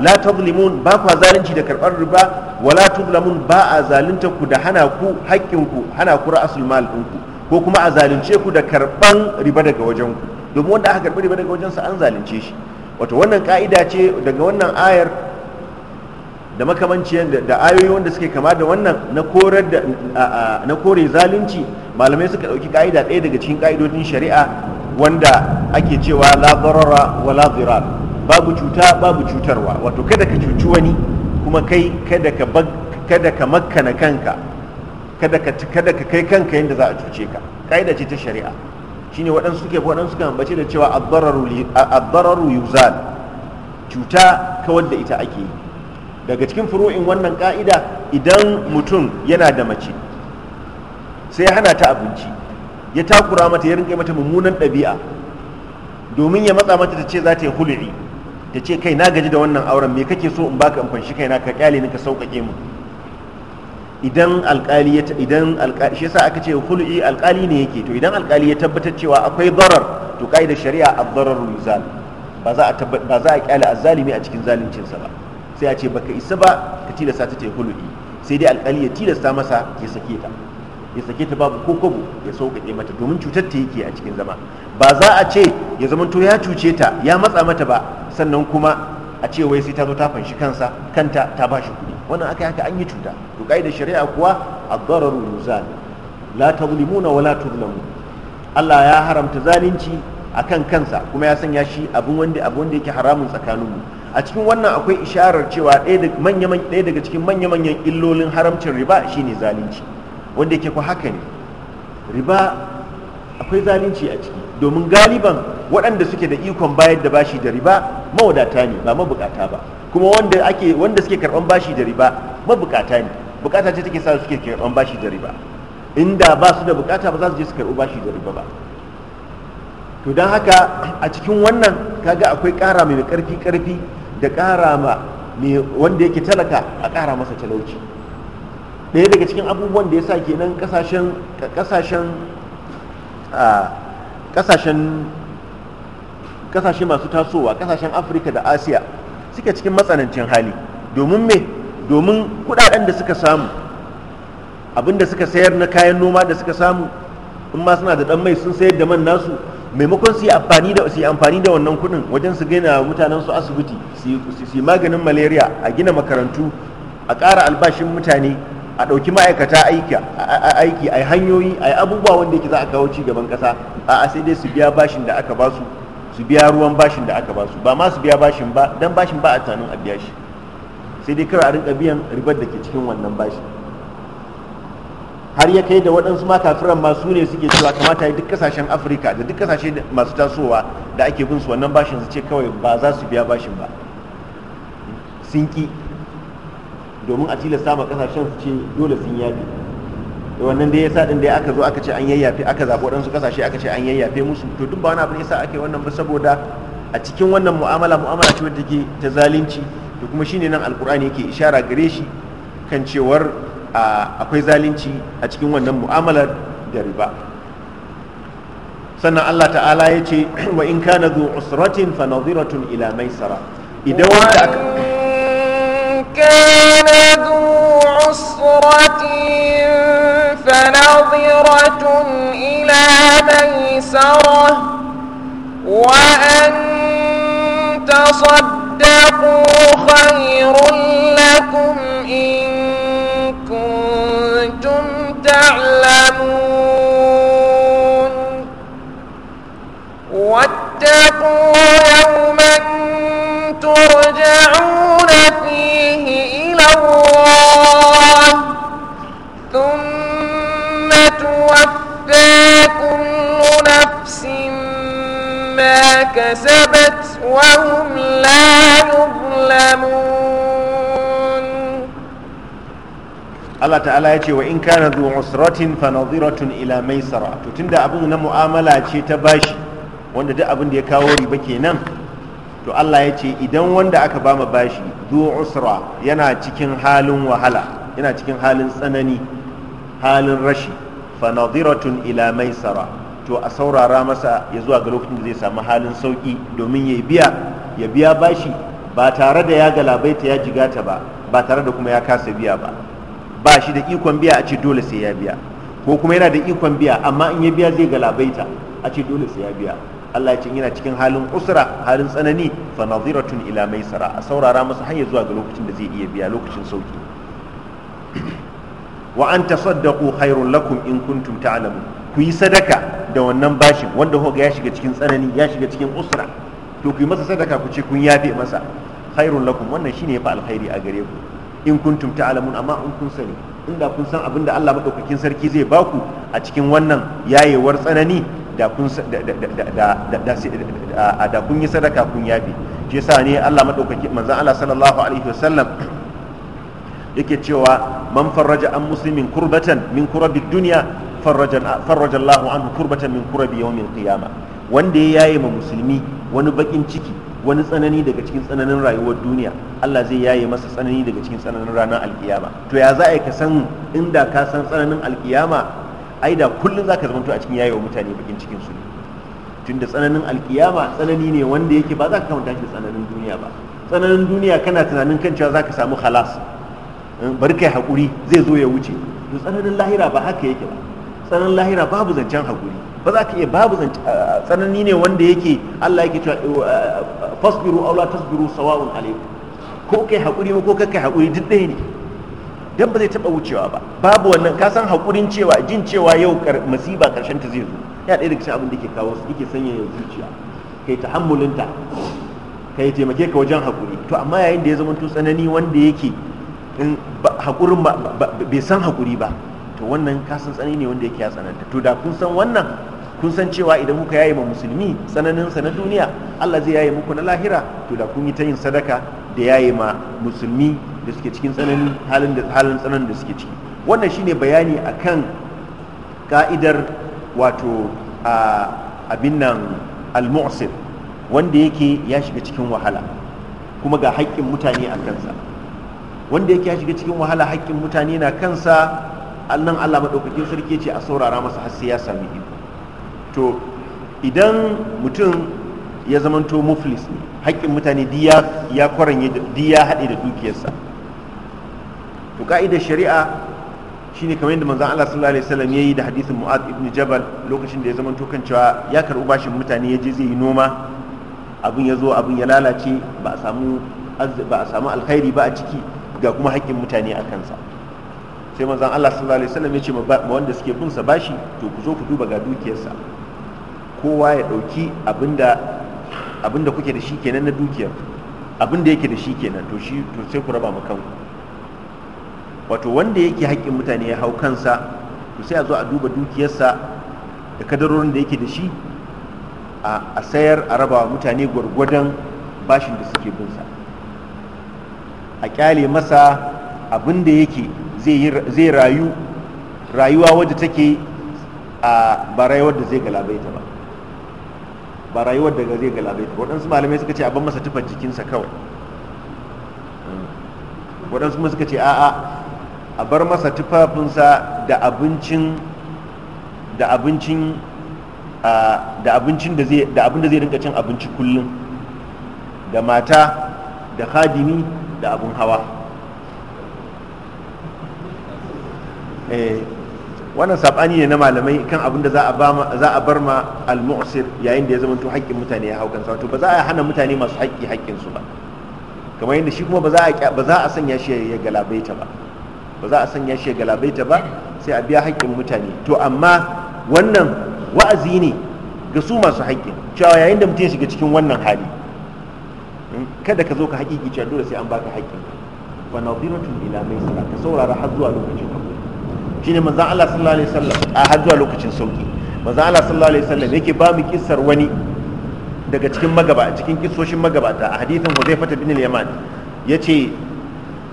Speaker 1: la tazlimun ba kwa zalunci da karɓar riba wala tuzlamun ba a zalunta ku da hana ku haƙƙinku hana ku ra'asul mal ɗinku ko kuma a zalunce ku da karɓan riba daga wajen ku domin wanda aka karɓi riba daga wajensa an zalunce shi wato wannan ka'ida ce daga wannan ayar da yadda da ayoyi wanda suke kama da wannan na kore zalunci malamai suka dauki ka'ida ɗaya daga cikin ka'idodin shari'a wanda ake cewa la darara wa la babu cuta babu cutarwa wato kada ka cuci wani kuma kai kada ka kada ka makkana kanka kada ka kada ka kai kanka yadda za a cuce ka ka'ida ce ta shari'a shine waɗansu suke waɗansu suka ambace da cewa ad-dararu yuzal cuta kawar da ita ake yi daga cikin furu'in wannan ka'ida idan mutum yana da mace sai ya hana ta abinci ya takura mata ya rinka mata mummunan ɗabi'a domin ya matsa mata ta ce za ta yi hulɗi, ta ce kai na gaji da wannan auren me kake so in baka in fanshi kaina ka kyale ni ka sauƙaƙe mu idan alƙali ya idan alƙali shi yasa aka ce hulɗi alƙali ne yake to idan alƙali ya tabbatar cewa akwai darar to ka'idar shari'a ad-darar ba za a ba za a kyale azzalimi a cikin zaluncinsa ba sai ya ce baka isa ba ka tilasta ta tai hululi sai dai alƙali ya tilasta masa ya sake ta ya sake ta babu ko kobo ya sauƙaƙe mata domin cutar ta yake a cikin zama ba za a ce ya zama to ya cuce ta ya matsa mata ba sannan kuma a ce wai sai ta zo ta fanshi kansa kanta ta ba shi kuɗi wannan aka yi haka an yi cuta to da shari'a kuwa a dararu ruzan la tazlimuna wa la tuzlamu Allah ya haramta zalunci akan kansa kuma ya sanya shi abin wanda abin wanda yake haramun tsakaninmu a cikin wannan akwai isharar cewa ɗaya daga cikin manya-manyan illolin haramcin riba shine zalunci wanda yake ku haka ne riba akwai zalunci a ciki domin galiban waɗanda suke da ikon bayar da bashi da riba mawadata ne ba mabukata ba kuma wanda wanda suke karɓan bashi da riba mabukata ne bukata ce take sa suke karɓan bashi da riba inda ba su da bukata ba za su je su karɓi bashi da riba ba to don haka a cikin wannan kaga akwai ƙara mai ƙarfi ƙarfi da ƙara ma wanda yake talaka a ƙara masa talauci ɗaya daga cikin abubuwan da ya sa kenan ƙasashen ƙasashe masu tasowa ƙasashen afirka da asiya suke cikin matsanancin hali domin me domin kudaden da suka samu abinda suka sayar na kayan noma da suka samu in ma suna da ɗan mai sun sayar da man nasu maimakon su yi amfani da wannan kuɗin wajen su gina mutanen su asibiti su yi maganin malaria a gina makarantu a ƙara albashin mutane a ɗauki ma'aikata aiki a hanyoyi a abubuwa wanda yake za a kawo ci gaban ƙasa a sai dai su biya bashin da aka basu su biya ruwan bashin da aka basu ba ma su biya bashin ba dan bashin ba a tanin a biya shi sai dai kawai a rinka biyan ribar da ke cikin wannan bashin har ya kai da waɗansu ma kafiran ma su ne suke cewa kamata ya duk kasashen afirka da duk kasashe masu tasowa da ake bin su wannan bashin su ce kawai ba za su biya bashin ba sun ki domin a tilasta ma kasashen su ce dole sun da wannan da ya sa din da aka zo aka ce an yayyafe aka zaɓi waɗansu kasashe aka ce an yayyafe musu to duk ba wani abin yasa ake wannan ba saboda a cikin wannan mu'amala mu'amala ce wadda take ta zalunci to kuma shine nan alkur'ani yake ishara gare shi kan cewar akwai zalunci a cikin wannan mu'amalar da riba sannan Allah ta'ala ya ce <clears throat> wa in kana zu usratin fa nadhiratun ila maisara idan wanda aka
Speaker 2: kana zu usratin fa ila maisara wa an tasaddaqu khairul lakum in واتقوا يوما ترجعون فيه إلى الله ثم توفى كل نفس ما كسبت وهم لا يظلمون
Speaker 1: Allah ta'ala ya ce wa in kana zu usratin fa nadhiratun ila maisara to tunda abun na mu'amala ce ta bashi wanda duk abin da ya kawo riba kenan to Allah ya ce idan wanda aka bama bashi zu usra yana cikin halin wahala yana cikin halin tsanani halin rashi fa nadiratun ila maisara to a saurara masa ya zuwa ga lokacin da zai samu halin sauki domin ya biya ya biya bashi ba tare da ya galabaita ya jigata ba ba tare da kuma ya kasa biya ba ba shi da ikon biya a ce dole sai ya biya ko kuma yana da ikon biya amma in ya biya zai galabaita a ce dole sai ya biya Allah ya ce yana cikin halin usra halin tsanani fa naziratun ila maisara a saurara masa hanya zuwa ga lokacin da zai iya biya lokacin sauki wa an tasaddaqu khairul lakum in kuntum ta'lamun ku yi sadaka da wannan bashin wanda hoga ya shiga cikin tsanani ya shiga cikin usra to ku yi masa sadaka ku ce kun yafe masa khairul lakum wannan shine ya fa alkhairi a gare ku in kuntum ta'lamun amma in kun sani inda kun san abinda Allah madaukakin sarki zai baku a cikin wannan yayewar tsanani da kun yi sadaka kun yafi shi sa ne Allah madaukaki manzon Allah sallallahu alaihi wasallam yake cewa man farraja an muslimin kurbatan min kurabi dunya farrajan Allahu anhu kurbatan min kurabi yawmin qiyama wanda ya yaye ma musulmi wani bakin ciki wani tsanani daga cikin tsananin rayuwar duniya Allah zai yaye masa tsanani daga cikin tsananin ranar alkiyama to ya za a ka san inda ka san tsananin alkiyama ai da kullum zaka zamanto a cikin yayewa mutane bakin cikin su tunda tsananin alkiyama tsanani ne wanda yake ba za ka kamanta shi tsananin duniya ba tsananin duniya kana tunanin kan cewa za ka samu halas eh, bari kai haƙuri zai zo ya wuce to tsananin lahira ba haka yake ba tsananin lahira babu zancen hakuri. ba za ka iya babu zancen tsanani ne wanda yake Allah yake cewa eh, fasbiru aw la tasbiru sawa'un alaykum ko kai hakuri ko kai hakuri duk ɗaya ne dan ba zai taba wucewa ba babu wannan ka san hakurin cewa jin cewa yau masiba karshen ta zai zo ya ɗaya daga cikin abin da ke kawo su yake sanya yau zuciya kai tahammulin ta kai taimake ka wajen hakuri to amma yayin da ya zama tsanani wanda yake in hakurin bai san hakuri ba to wannan kasan tsani ne wanda yake ya tsananta to da kun san wannan kun san cewa idan kuka yaye ma musulmi tsananinsa na duniya Allah zai yaye muku na lahira to da kun yi ta yin sadaka da ya yi ma musulmi da suke cikin tsananin halin tsananin da suke ciki wannan shine bayani akan ka'idar wato abin nan al-mu'sir wanda yake ya shiga cikin wahala kuma ga haƙƙin mutane a kansa wanda yake ya shiga cikin wahala haƙƙin mutane na kansa allan Allah maɗaukakin sarki ce a saurara masa har sai ya sami iko to idan mutum ya zamanto muflis haƙƙin mutane diya ya kwaranye diya haɗe da dukiyarsa to ka'idar shari'a shine kamar yadda manzon Allah sallallahu alaihi wasallam yayi da hadisin Mu'adh ibn Jabal lokacin da ya zamanto kan cewa ya karɓi bashin mutane ya je zai yi noma abin ya zo abin ya lalace ba a samu alkhairi ba a ciki ga kuma haƙƙin mutane a kansa sai manzon Allah sallallahu alaihi wasallam ya ce ma wanda suke bin sa bashi to ku zo ku duba ga dukiyarsa kowa ya ɗauki abinda abin da kuke da shi kenan na dukiyar abin da yake da shi kenan to shi to sai ku raba kanku wato wanda yake haƙƙin mutane ya hau kansa to sai a zo a duba dukiyarsa da kadarorin da yake da shi a sayar a raba mutane gwargwadon bashin da suke binsa a kyale masa abin da yake zai rayu rayuwa wadda take a ba rayuwar da zai galabaita ba ba rayuwar daga zai ga labai waɗansu malamai suka ce abin masa tufar jikinsa kawai waɗansu kuma suka ce a'a a bar masa tufafinsa da abincin da abincin da abincin da zai da abin da zai rinka cin abinci kullum da mata da hadimi, da abin hawa eh wannan sabani ne na malamai kan abin da za a bar ma al-mu'sir yayin da ya zama to haƙƙin mutane ya hau kansa wato ba za a hana mutane masu haƙƙi haƙƙin su ba kamar yadda shi kuma ba za a sanya shi ya galabaita ba ba za a sanya shi ya galabaita ba sai a biya haƙƙin mutane to amma wannan wa'azi ne ga su masu haƙƙin cewa yayin da mutum ya shiga cikin wannan hali hmm, kada ka zo ka haƙiƙi cewa dole sai an baka haƙƙin fa nadiratun ila maisara ka saurara har zuwa lokacin shine manzon Allah sallallahu alaihi wasallam a har zuwa lokacin sauki manzon Allah sallallahu alaihi wasallam yake ba mu kissar wani daga cikin magaba cikin kissoshin magabata a hadithin Huzaifah bin al-Yaman yace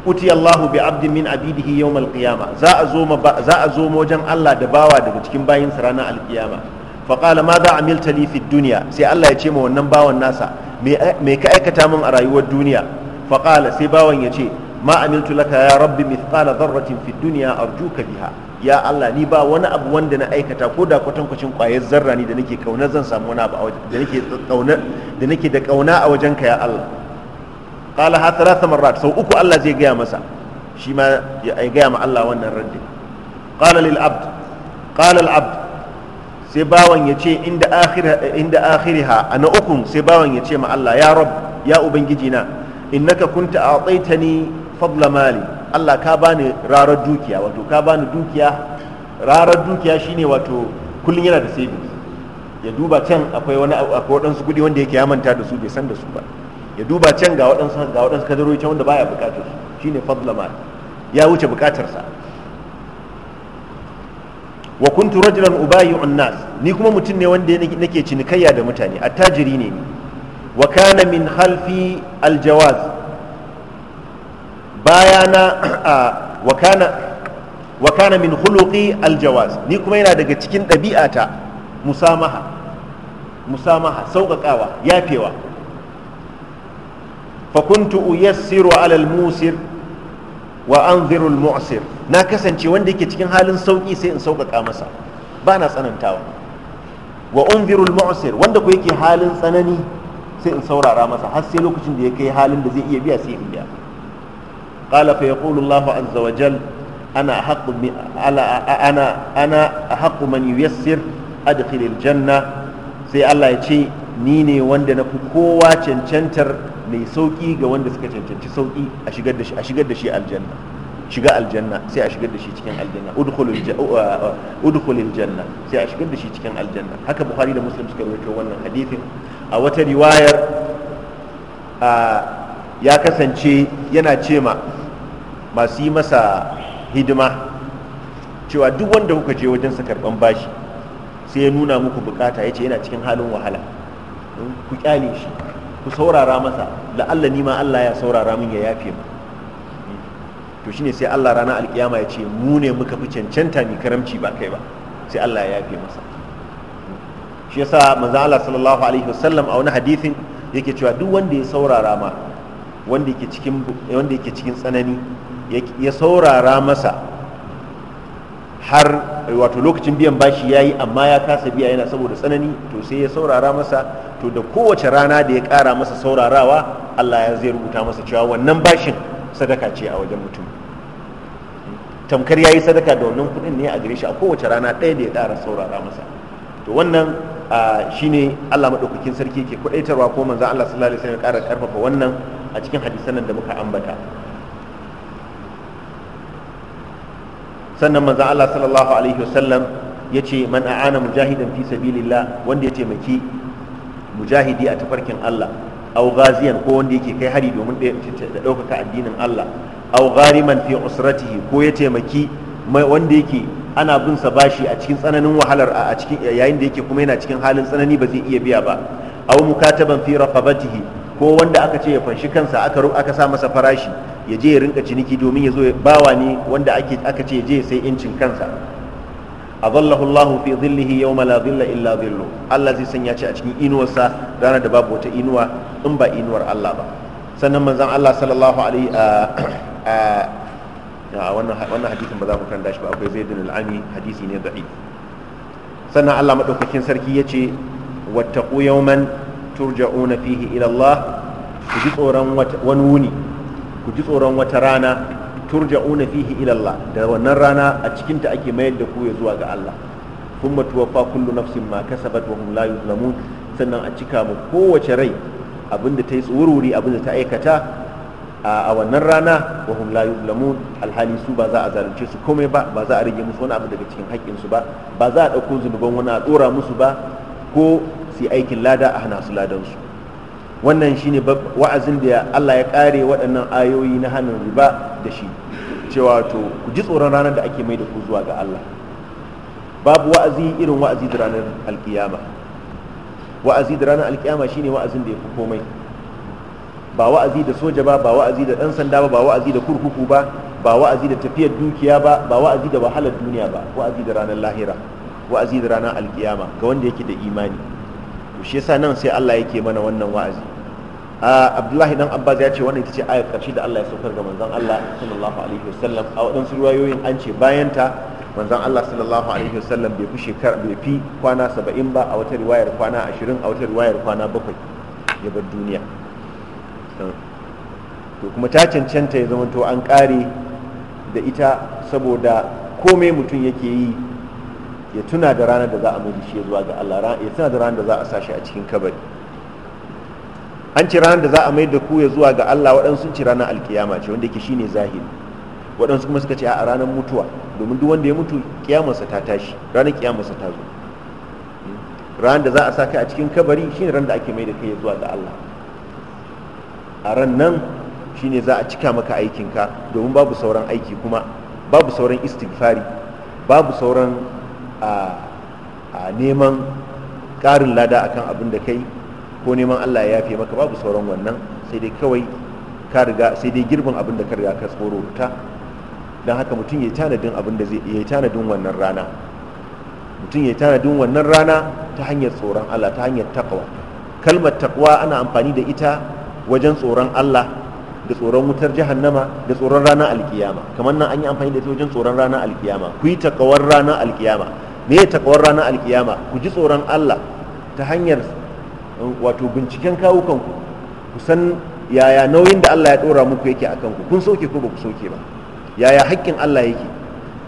Speaker 1: uti allahu bi abdin min abidihi yawm al-qiyama za a zo za a zo wajen Allah da bawa daga cikin bayin sa ranar al-qiyama fa qala ma za amilta li fi dunya sai Allah ya ce ma wannan bawan nasa me ka aikata min a rayuwar duniya fa qala sai bawan ya ce ma amiltu laka ya rabbi mithqala dharratin fid dunya arjuka biha ya Allah ni ba wani abu wanda na aikata ko da kwatankwacin kwayar zarra ni da nake kauna zan samu wani abu da nake kauna da nake da kauna a wajenka ya Allah qala ha thalatha marrat sau uku Allah zai gaya masa shi ma ya gaya ma Allah wannan raddi qala lil abd qala al abd sai bawan ya ce inda akhira inda akhiriha ana ukun sai bawan ya ce ma Allah ya rabb ya ubangiji na innaka kunta a'taitani fadla mali Allah ka bani rarar dukiya wato ka bani dukiya rarar dukiya shine wato kullun yana da savings ya duba can akwai wani akwai waɗansu kuɗi wanda yake ya manta da su bai san da su ba ya duba can ga waɗansu ga waɗansu kadarori can wanda baya buƙatar su shine fadla mali ya wuce buƙatar sa wa kuntu rajulan ubayi'un nas ni kuma mutum ne wanda nake cinikayya da mutane attajiri ne ni wa kana min khalfi aljawaz bayana wakana wakana min huluki aljawaz ni kuma yana daga cikin ɗabi'ata musamaha musamaha sauƙaƙawa yafewa fakuntu uyassiru alal musir wa anziru almu'sir na kasance wanda yake cikin halin sauƙi sai in sauƙaƙa masa ba na tsanantawa wa unziru almu'sir wanda ko yake halin tsanani sai in saurara masa har sai lokacin da ya kai halin da zai iya biya sai in biya قال فيقول الله عز وجل أنا أحق أنا أنا أحق من ييسر أدخل الجنة سي الله نيني mai sauki ga wanda suka cancanci sauki a shigar da shi a shigar da shi aljanna aljanna sai a shigar da shi cikin aljanna udkhulul janna sai a shigar da shi cikin aljanna haka bukhari da muslim suka rawaito wannan a wata riwayar ya kasance yana cema masu yi masa hidima cewa duk wanda kuka je wajen sa karban bashi sai ya nuna muku bukata ya ce yana cikin halin wahala ku kyale shi ku saurara masa la'alla ni ma Allah ya saurara min ya yafe mu to shine sai Allah rana alkiyama ya ce mu ne muka fi cancanta ni karamci ba kai ba sai Allah ya yafe masa shi yasa manzo Allah sallallahu alaihi wasallam a wani hadisin yake cewa duk wanda ya saurara ma wanda yake cikin wanda yake cikin tsanani ya saurara masa har wato lokacin biyan bashi ya yi amma ya kasa biya yana saboda tsanani to sai ya saurara masa to da kowace rana da ya kara masa saurarawa allah ya zai rubuta masa cewa wannan bashin sadaka ce a wajen mutum tamkar ya yi sadaka da wannan kudin ne a gare shi a kowace rana ɗaya da ya kara saurara masa to wannan shi ne allah maɗaukakin sarki ke kuɗaitarwa ko manzan allah sallallahu alaihi wasallam ya ƙara ƙarfafa wannan a cikin hadisan da muka ambata sannan maza Allah sallallahu alaihi wasallam ya ce man a'ana mujahidan fi sabilillah wanda ya taimaki mujahidi a tafarkin Allah aw ghaziyan ko wanda yake kai hari domin da ɗaukaka addinin Allah aw ghariman fi usratihi ko ya taimaki wanda yake ana bin sa bashi a cikin tsananin wahalar a cikin yayin da yake kuma yana cikin halin tsanani ba zai iya biya ba aw mukataban fi raqabatihi ko wanda aka ce ya fanshi kansa aka aka sa masa farashi ya je ya rinka ciniki domin ya zo bawa ne wanda aka ce je sai incin kansa azallahu Allah fi dhillihi yawma la dhilla illa dhillu Allah zai sanya shi a cikin inuwarsa ranar da babu wata inuwa in ba inuwar Allah ba sannan manzan Allah sallallahu alaihi a wannan hadisin ba za mu karanta shi ba akwai zaidun al'ami hadisi ne da'i sannan Allah madaukakin sarki ya yace wattaqu yawman turja'una fihi ila Allah ku ji tsoron wani wuni ku ji tsoron wata rana turja'una fihi ila Allah da wannan rana a cikinta ake mayar da ku ya zuwa ga Allah thumma tuwaffa kullu nafsin ma kasabat wa hum la yuzlamun sannan a cika mu kowace rai abinda ta yi tsururi abinda ta aikata a wannan rana wa hum la yuzlamun alhali su ba za a zalunce su komai ba ba za a rage musu wani abu daga cikin haƙƙin su ba ba za a ɗauko zunuban wani a tsora musu ba ko su yi aikin lada a hana su ladansu. wannan shine wa'azin da Allah ya kare waɗannan ayoyi na hannun riba da shi cewa to ku ji tsoron ranar da ake mai da ku zuwa ga Allah babu wa'azi irin wa'azi da ranar alkiyama wa'azi da ranar alkiyama shine wa'azin da ya fi komai ba wa'azi da soja ba ba wa'azi da ɗan sanda ba ba wa'azi da kurkuku ba ba wa'azi da tafiyar dukiya ba ba wa'azi da wahalar duniya ba wa'azi da ranar lahira wa'azi da ranar alkiyama ga wanda yake da imani shi yasa nan sai Allah yake mana wannan wa'azi abdullahi dan abbas ya ce wannan ita ce ayar karshe da Allah ya saukar ga manzon Allah sallallahu alaihi wasallam a wadansu riwayoyin an ce bayan ta manzon Allah sallallahu alaihi wasallam bai fi shekara bai fi kwana 70 ba a wata riwayar kwana 20 a wata riwayar kwana 7 ya bar duniya to kuma ta cancanta ya zama to an kare da ita saboda komai mutum yake yi ya tuna da ranar da za a mai shi zuwa ga Allah ya tuna da ranar da za a sa shi a cikin kabari an ci ranar da za a mai da ku ya zuwa ga Allah waɗansu sun ci ranar alkiyama ce wanda ke shi ne zahiri waɗansu kuma suka ce a ranar mutuwa domin duk wanda ya mutu kiyamarsa ta tashi ranar kiyamarsa ta zo ranar da za a sa kai a cikin kabari shine ranar da ake mai da kai ya zuwa ga Allah a ran nan ne za a cika maka aikinka domin babu sauran aiki kuma babu sauran istighfari babu sauran a neman ƙarin lada akan abin da kai ko neman Allah ya yafe maka babu sauran wannan sai dai kawai ka riga sai dai girbin abin da ka riga ka tsoro ta don haka mutum ya tanadin abin da zai ya tanadin wannan rana mutum ya tanadin wannan rana ta hanyar tsoron Allah ta hanyar taqwa kalmar taqwa ana amfani da ita wajen tsoron Allah da tsoron wutar jahannama da tsoron ranar alkiyama kamar nan an yi amfani da ita wajen tsoron ranar alkiyama ku yi takawar ranar alkiyama me ya takawar ranar alkiyama ku ji tsoron Allah ta hanyar wato binciken kawo kanku ku san yaya nauyin da Allah ya dora muku yake akan ku kun sauke ko ba ku sauke ba yaya hakkin Allah yake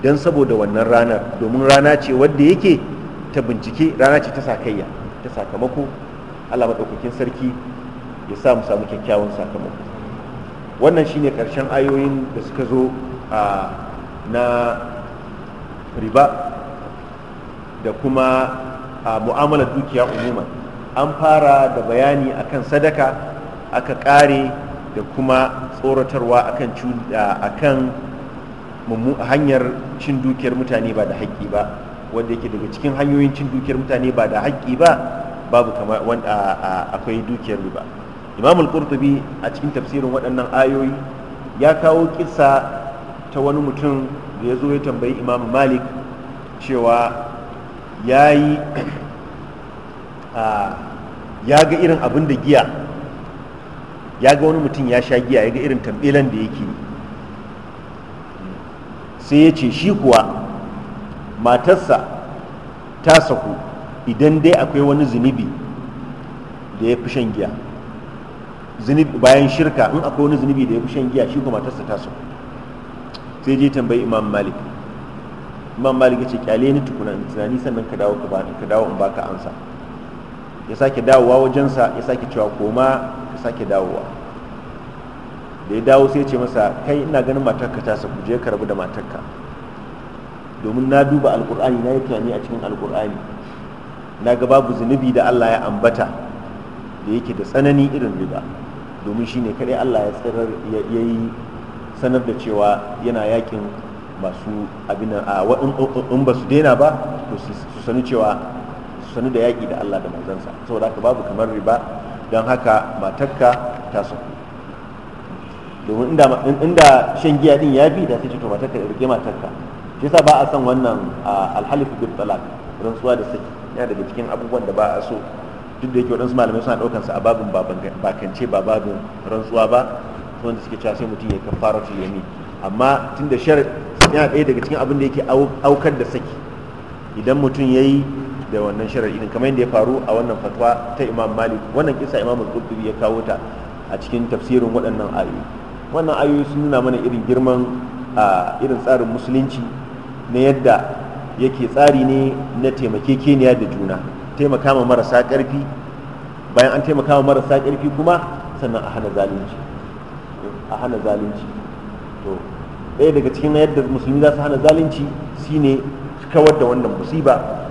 Speaker 1: don saboda wannan ranar domin rana ce wadda yake ta bincike rana ce ta sakayya ta sakamako Allah maɗaukakin sarki ya sa mu samu kyakkyawan sakamako wannan shine karshen ayoyin da suka zo a na riba da kuma a mu'amalar dukiya umuman an fara da bayani akan sadaka aka kare da kuma tsoratarwa akan akan hanyar cin dukiyar mutane ba da haƙƙi ba wanda yake daga cikin hanyoyin cin dukiyar mutane ba da haƙƙi ba babu kama wanda akwai dukiyar riba imam al-qurtubi a cikin tafsirin waɗannan ayoyi ya kawo kissa ta wani mutum da ya zo ya tambayi imam malik cewa ya yi ya ga irin abin da giya ya ga wani mutum ya sha giya ya ga irin tambilan da yake sai ya ce shi kuwa matarsa ta saku idan dai akwai wani zunubi da ya fi shan giya bayan shirka in akwai wani zunubi da ya fi shan giya shi kuma matarsa ta saku sai je tambayi imam malik imam malik ya ce kyale ni tukuna tunani sannan ka dawo ka dawo in baka ansa ya sake dawowa wajensa ya sake cewa koma ya sake dawowa da ya dawo sai ce masa kai ina ganin matarka ta sa kuje ka rabu da matarka domin na duba alkur'ani na yi tunani a cikin alkur'ani na ga babu zunubi da allah ya ambata da yake da tsanani irin riba domin shi ne kaɗai allah ya tsirar ya yi sanar da cewa yana yakin masu abin a in ba su daina ba to su sani cewa sanu da yaƙi da Allah da manzansa saboda haka babu kamar riba don haka matakka ta saku domin inda shan giya din ya bi da ta ce to matakka rike matakka shi yasa ba a san wannan alhalifu bil talaq rantsuwa da saki yana daga cikin abubuwan da ba a so duk da yake waɗansu malamai suna ɗaukar sa a babin bakance ba babin rantsuwa ba wanda suke cewa sai mutum ya kafaratul yamin amma tunda shar yana ɗaya daga cikin abin da yake aukar da saki idan mutum ya yi da wannan shari'i din kamar yadda ya faru a wannan fatwa ta Imam Malik wannan kisa Imam Al-Qurtubi ya kawo ta a cikin tafsirin waɗannan ayoyi wannan ayoyi sun nuna mana irin girman a irin tsarin musulunci na yadda yake tsari ne na taimakekeniya da juna taimaka ma marasa ƙarfi bayan an taimaka ma marasa ƙarfi kuma sannan a hana zalunci a hana zalunci to ɗaya daga cikin yadda musulmi za su hana zalunci shine kawar da wannan musiba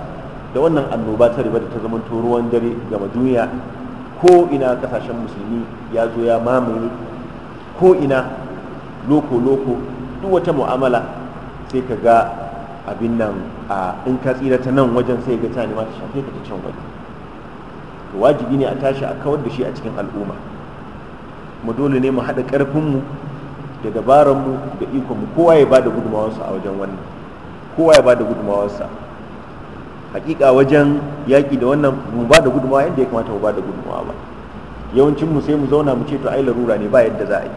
Speaker 1: da wannan annoba ta riba da ta zama ruwan dare ga duniya ko ina kasashen musulmi ya zo ya mamaye ko ina loko-loko duk wata mu'amala sai ka ga abin nan a in ka tsira ta nan wajen sai ga tani ma ta shafe ka ta can waje to wajibi ne a tashi a kawar da shi a cikin al'umma mu dole ne mu haɗa ƙarfinmu da dabararmu da ikonmu kowa ya ba da gudunmawarsa a wajen wannan kowa ya ba da gudunmawarsa hakika wajen yaƙi da wannan mu ba da gudunmawa yadda ya kamata mu ba da gudunmawa ba yawancin mu sai mu zauna mu ce to ai larura ne ba yadda za a yi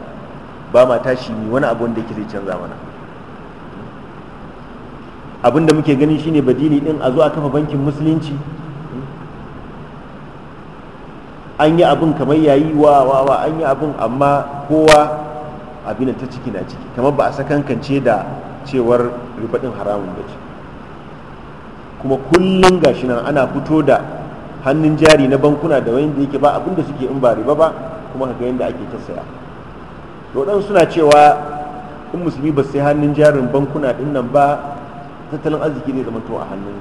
Speaker 1: ba ma tashi ni wani abu wanda yake zai canza mana abin da muke gani shine badili din a zo a kafa bankin musulunci an yi abin kamar yayi wa wa wa an yi abin amma kowa abin ta ciki na ciki kamar ba a sakankance da cewar riba haramun ba ce kuma kullum gashi nan ana fito da hannun jari na bankuna da da yake ba abin da suke in ba riba ba kuma haka yadda ake ta saya to suna cewa in musulmi ba sai hannun jarin bankuna din nan ba tattalin arziki zai zama to a hannun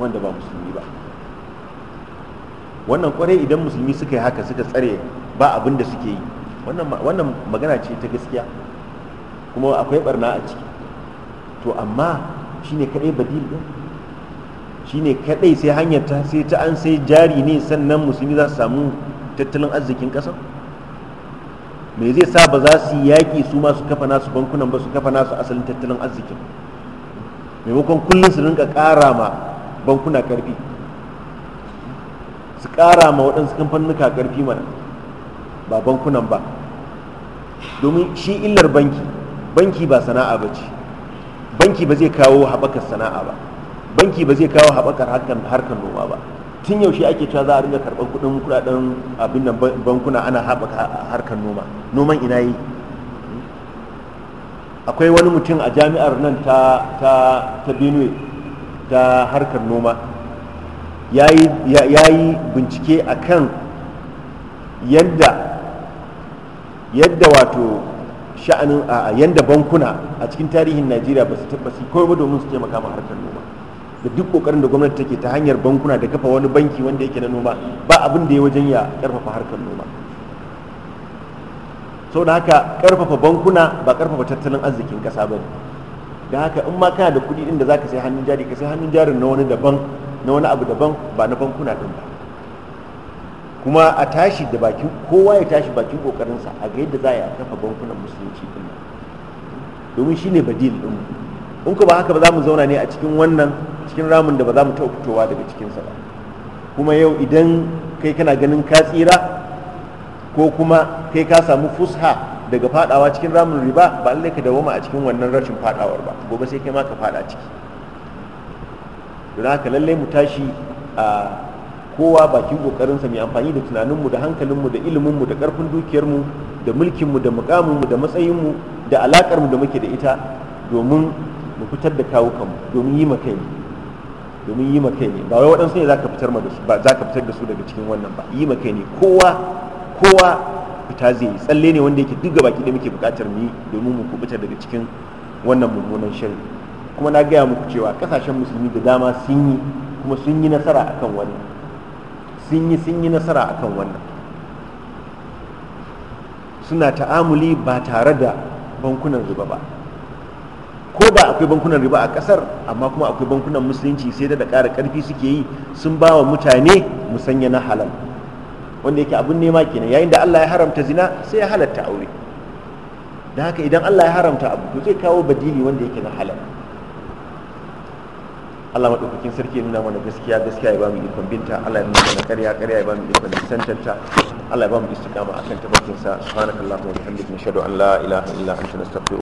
Speaker 1: wanda ba musulmi ba wannan kwarai idan musulmi suka yi haka suka tsare ba abin da suke yi wannan magana ce ta gaskiya kuma akwai barna a ciki to amma shine kadai badil din shine kadai sai hanyar ta sai ta an sai jari ne sannan musulmi za su samu tattalin arzikin ƙasar me zai sa ba za su yaƙi su masu kafa nasu bankunan ba su kafa nasu asalin tattalin arzikin maimakon kullum su rinka ƙara ma bankuna ƙarfi su ƙara ma waɗansu kamfanuka ƙarfi mana ba bankunan ba domin shi illar banki banki ba sana'a ba ce banki ba zai kawo haɓakar sana'a ba banki ba zai kawo haɓakar harkar noma ba tun yaushe ake cewa za a ringa karɓar kuɗin kuɗaɗen abin da bankuna ana haɓaka harkar noma noman ina yi akwai wani mutum a jami'ar nan ta ta benue ta harkar noma ya yi bincike a kan yadda yadda wato sha'anin a yadda bankuna a cikin tarihin najeriya ba su tabbasi kawai ba domin su taimaka ma harkar noma da duk kokarin da gwamnati take ta hanyar bankuna da kafa wani banki wanda yake na noma ba abin da ya wajen ya karfafa harkar noma sau da haka karfafa bankuna ba karfafa tattalin arzikin kasa ba ne da haka in ma kana da kuɗi din da zaka sai hannun jari ka sai hannun jarin na wani daban na wani abu daban ba na bankuna din ba kuma a tashi da bakin kowa ya tashi bakin kokarinsa a ga yadda za a kafa bankunan musulunci din domin shine badil din in ku ba haka ba za mu zauna ne a cikin wannan cikin ramin da ba za mu taɓa fitowa daga cikinsa ba kuma yau idan kai kana ganin ka tsira ko kuma kai ka samu fusha daga fadawa cikin ramin riba ba lallai ka dawoma a cikin wannan rashin fadawar ba gobe sai kai ma ka fada ciki don haka lallai mu tashi a kowa bakin kokarinsa mai amfani da tunaninmu da hankalinmu da iliminmu da karfin dukiyarmu da mulkinmu da mukaminmu da matsayinmu da alakarmu da muke da ita domin fitar da kawukan domin yi makai ne domin yi makai ne ba wai waɗansu ne zaka fitar da su ba fitar da su daga cikin wannan ba yi makai ne kowa kowa fita zai yi tsalle ne wanda yake duk baki da muke buƙatar mu yi domin mu kubuta daga cikin wannan mummunan shari kuma na gaya muku cewa kasashen musulmi da dama sun yi kuma sun yi nasara akan wannan sun yi sun yi nasara akan wannan suna ta'amuli ba tare da bankunan zuba ba ko ba akwai bankunan riba a kasar amma kuma akwai bankunan musulunci sai da ƙara ƙarfi suke yi sun ba wa mutane musanya na halal wanda yake abin nema kenan yayin da Allah ya haramta zina sai ya halatta aure da haka idan Allah ya haramta abu to zai kawo badili wanda yake na halal Allah maɗaukakin sarki nuna mana gaskiya gaskiya ya ba mu ikon binta Allah ya nuna mana ƙarya ƙarya
Speaker 2: ya ba mu ikon santanta Allah ya ba mu istiqama akan tabbatinsa subhanakallahumma wa bihamdika nashhadu an la ilaha illa anta nastaghfiruka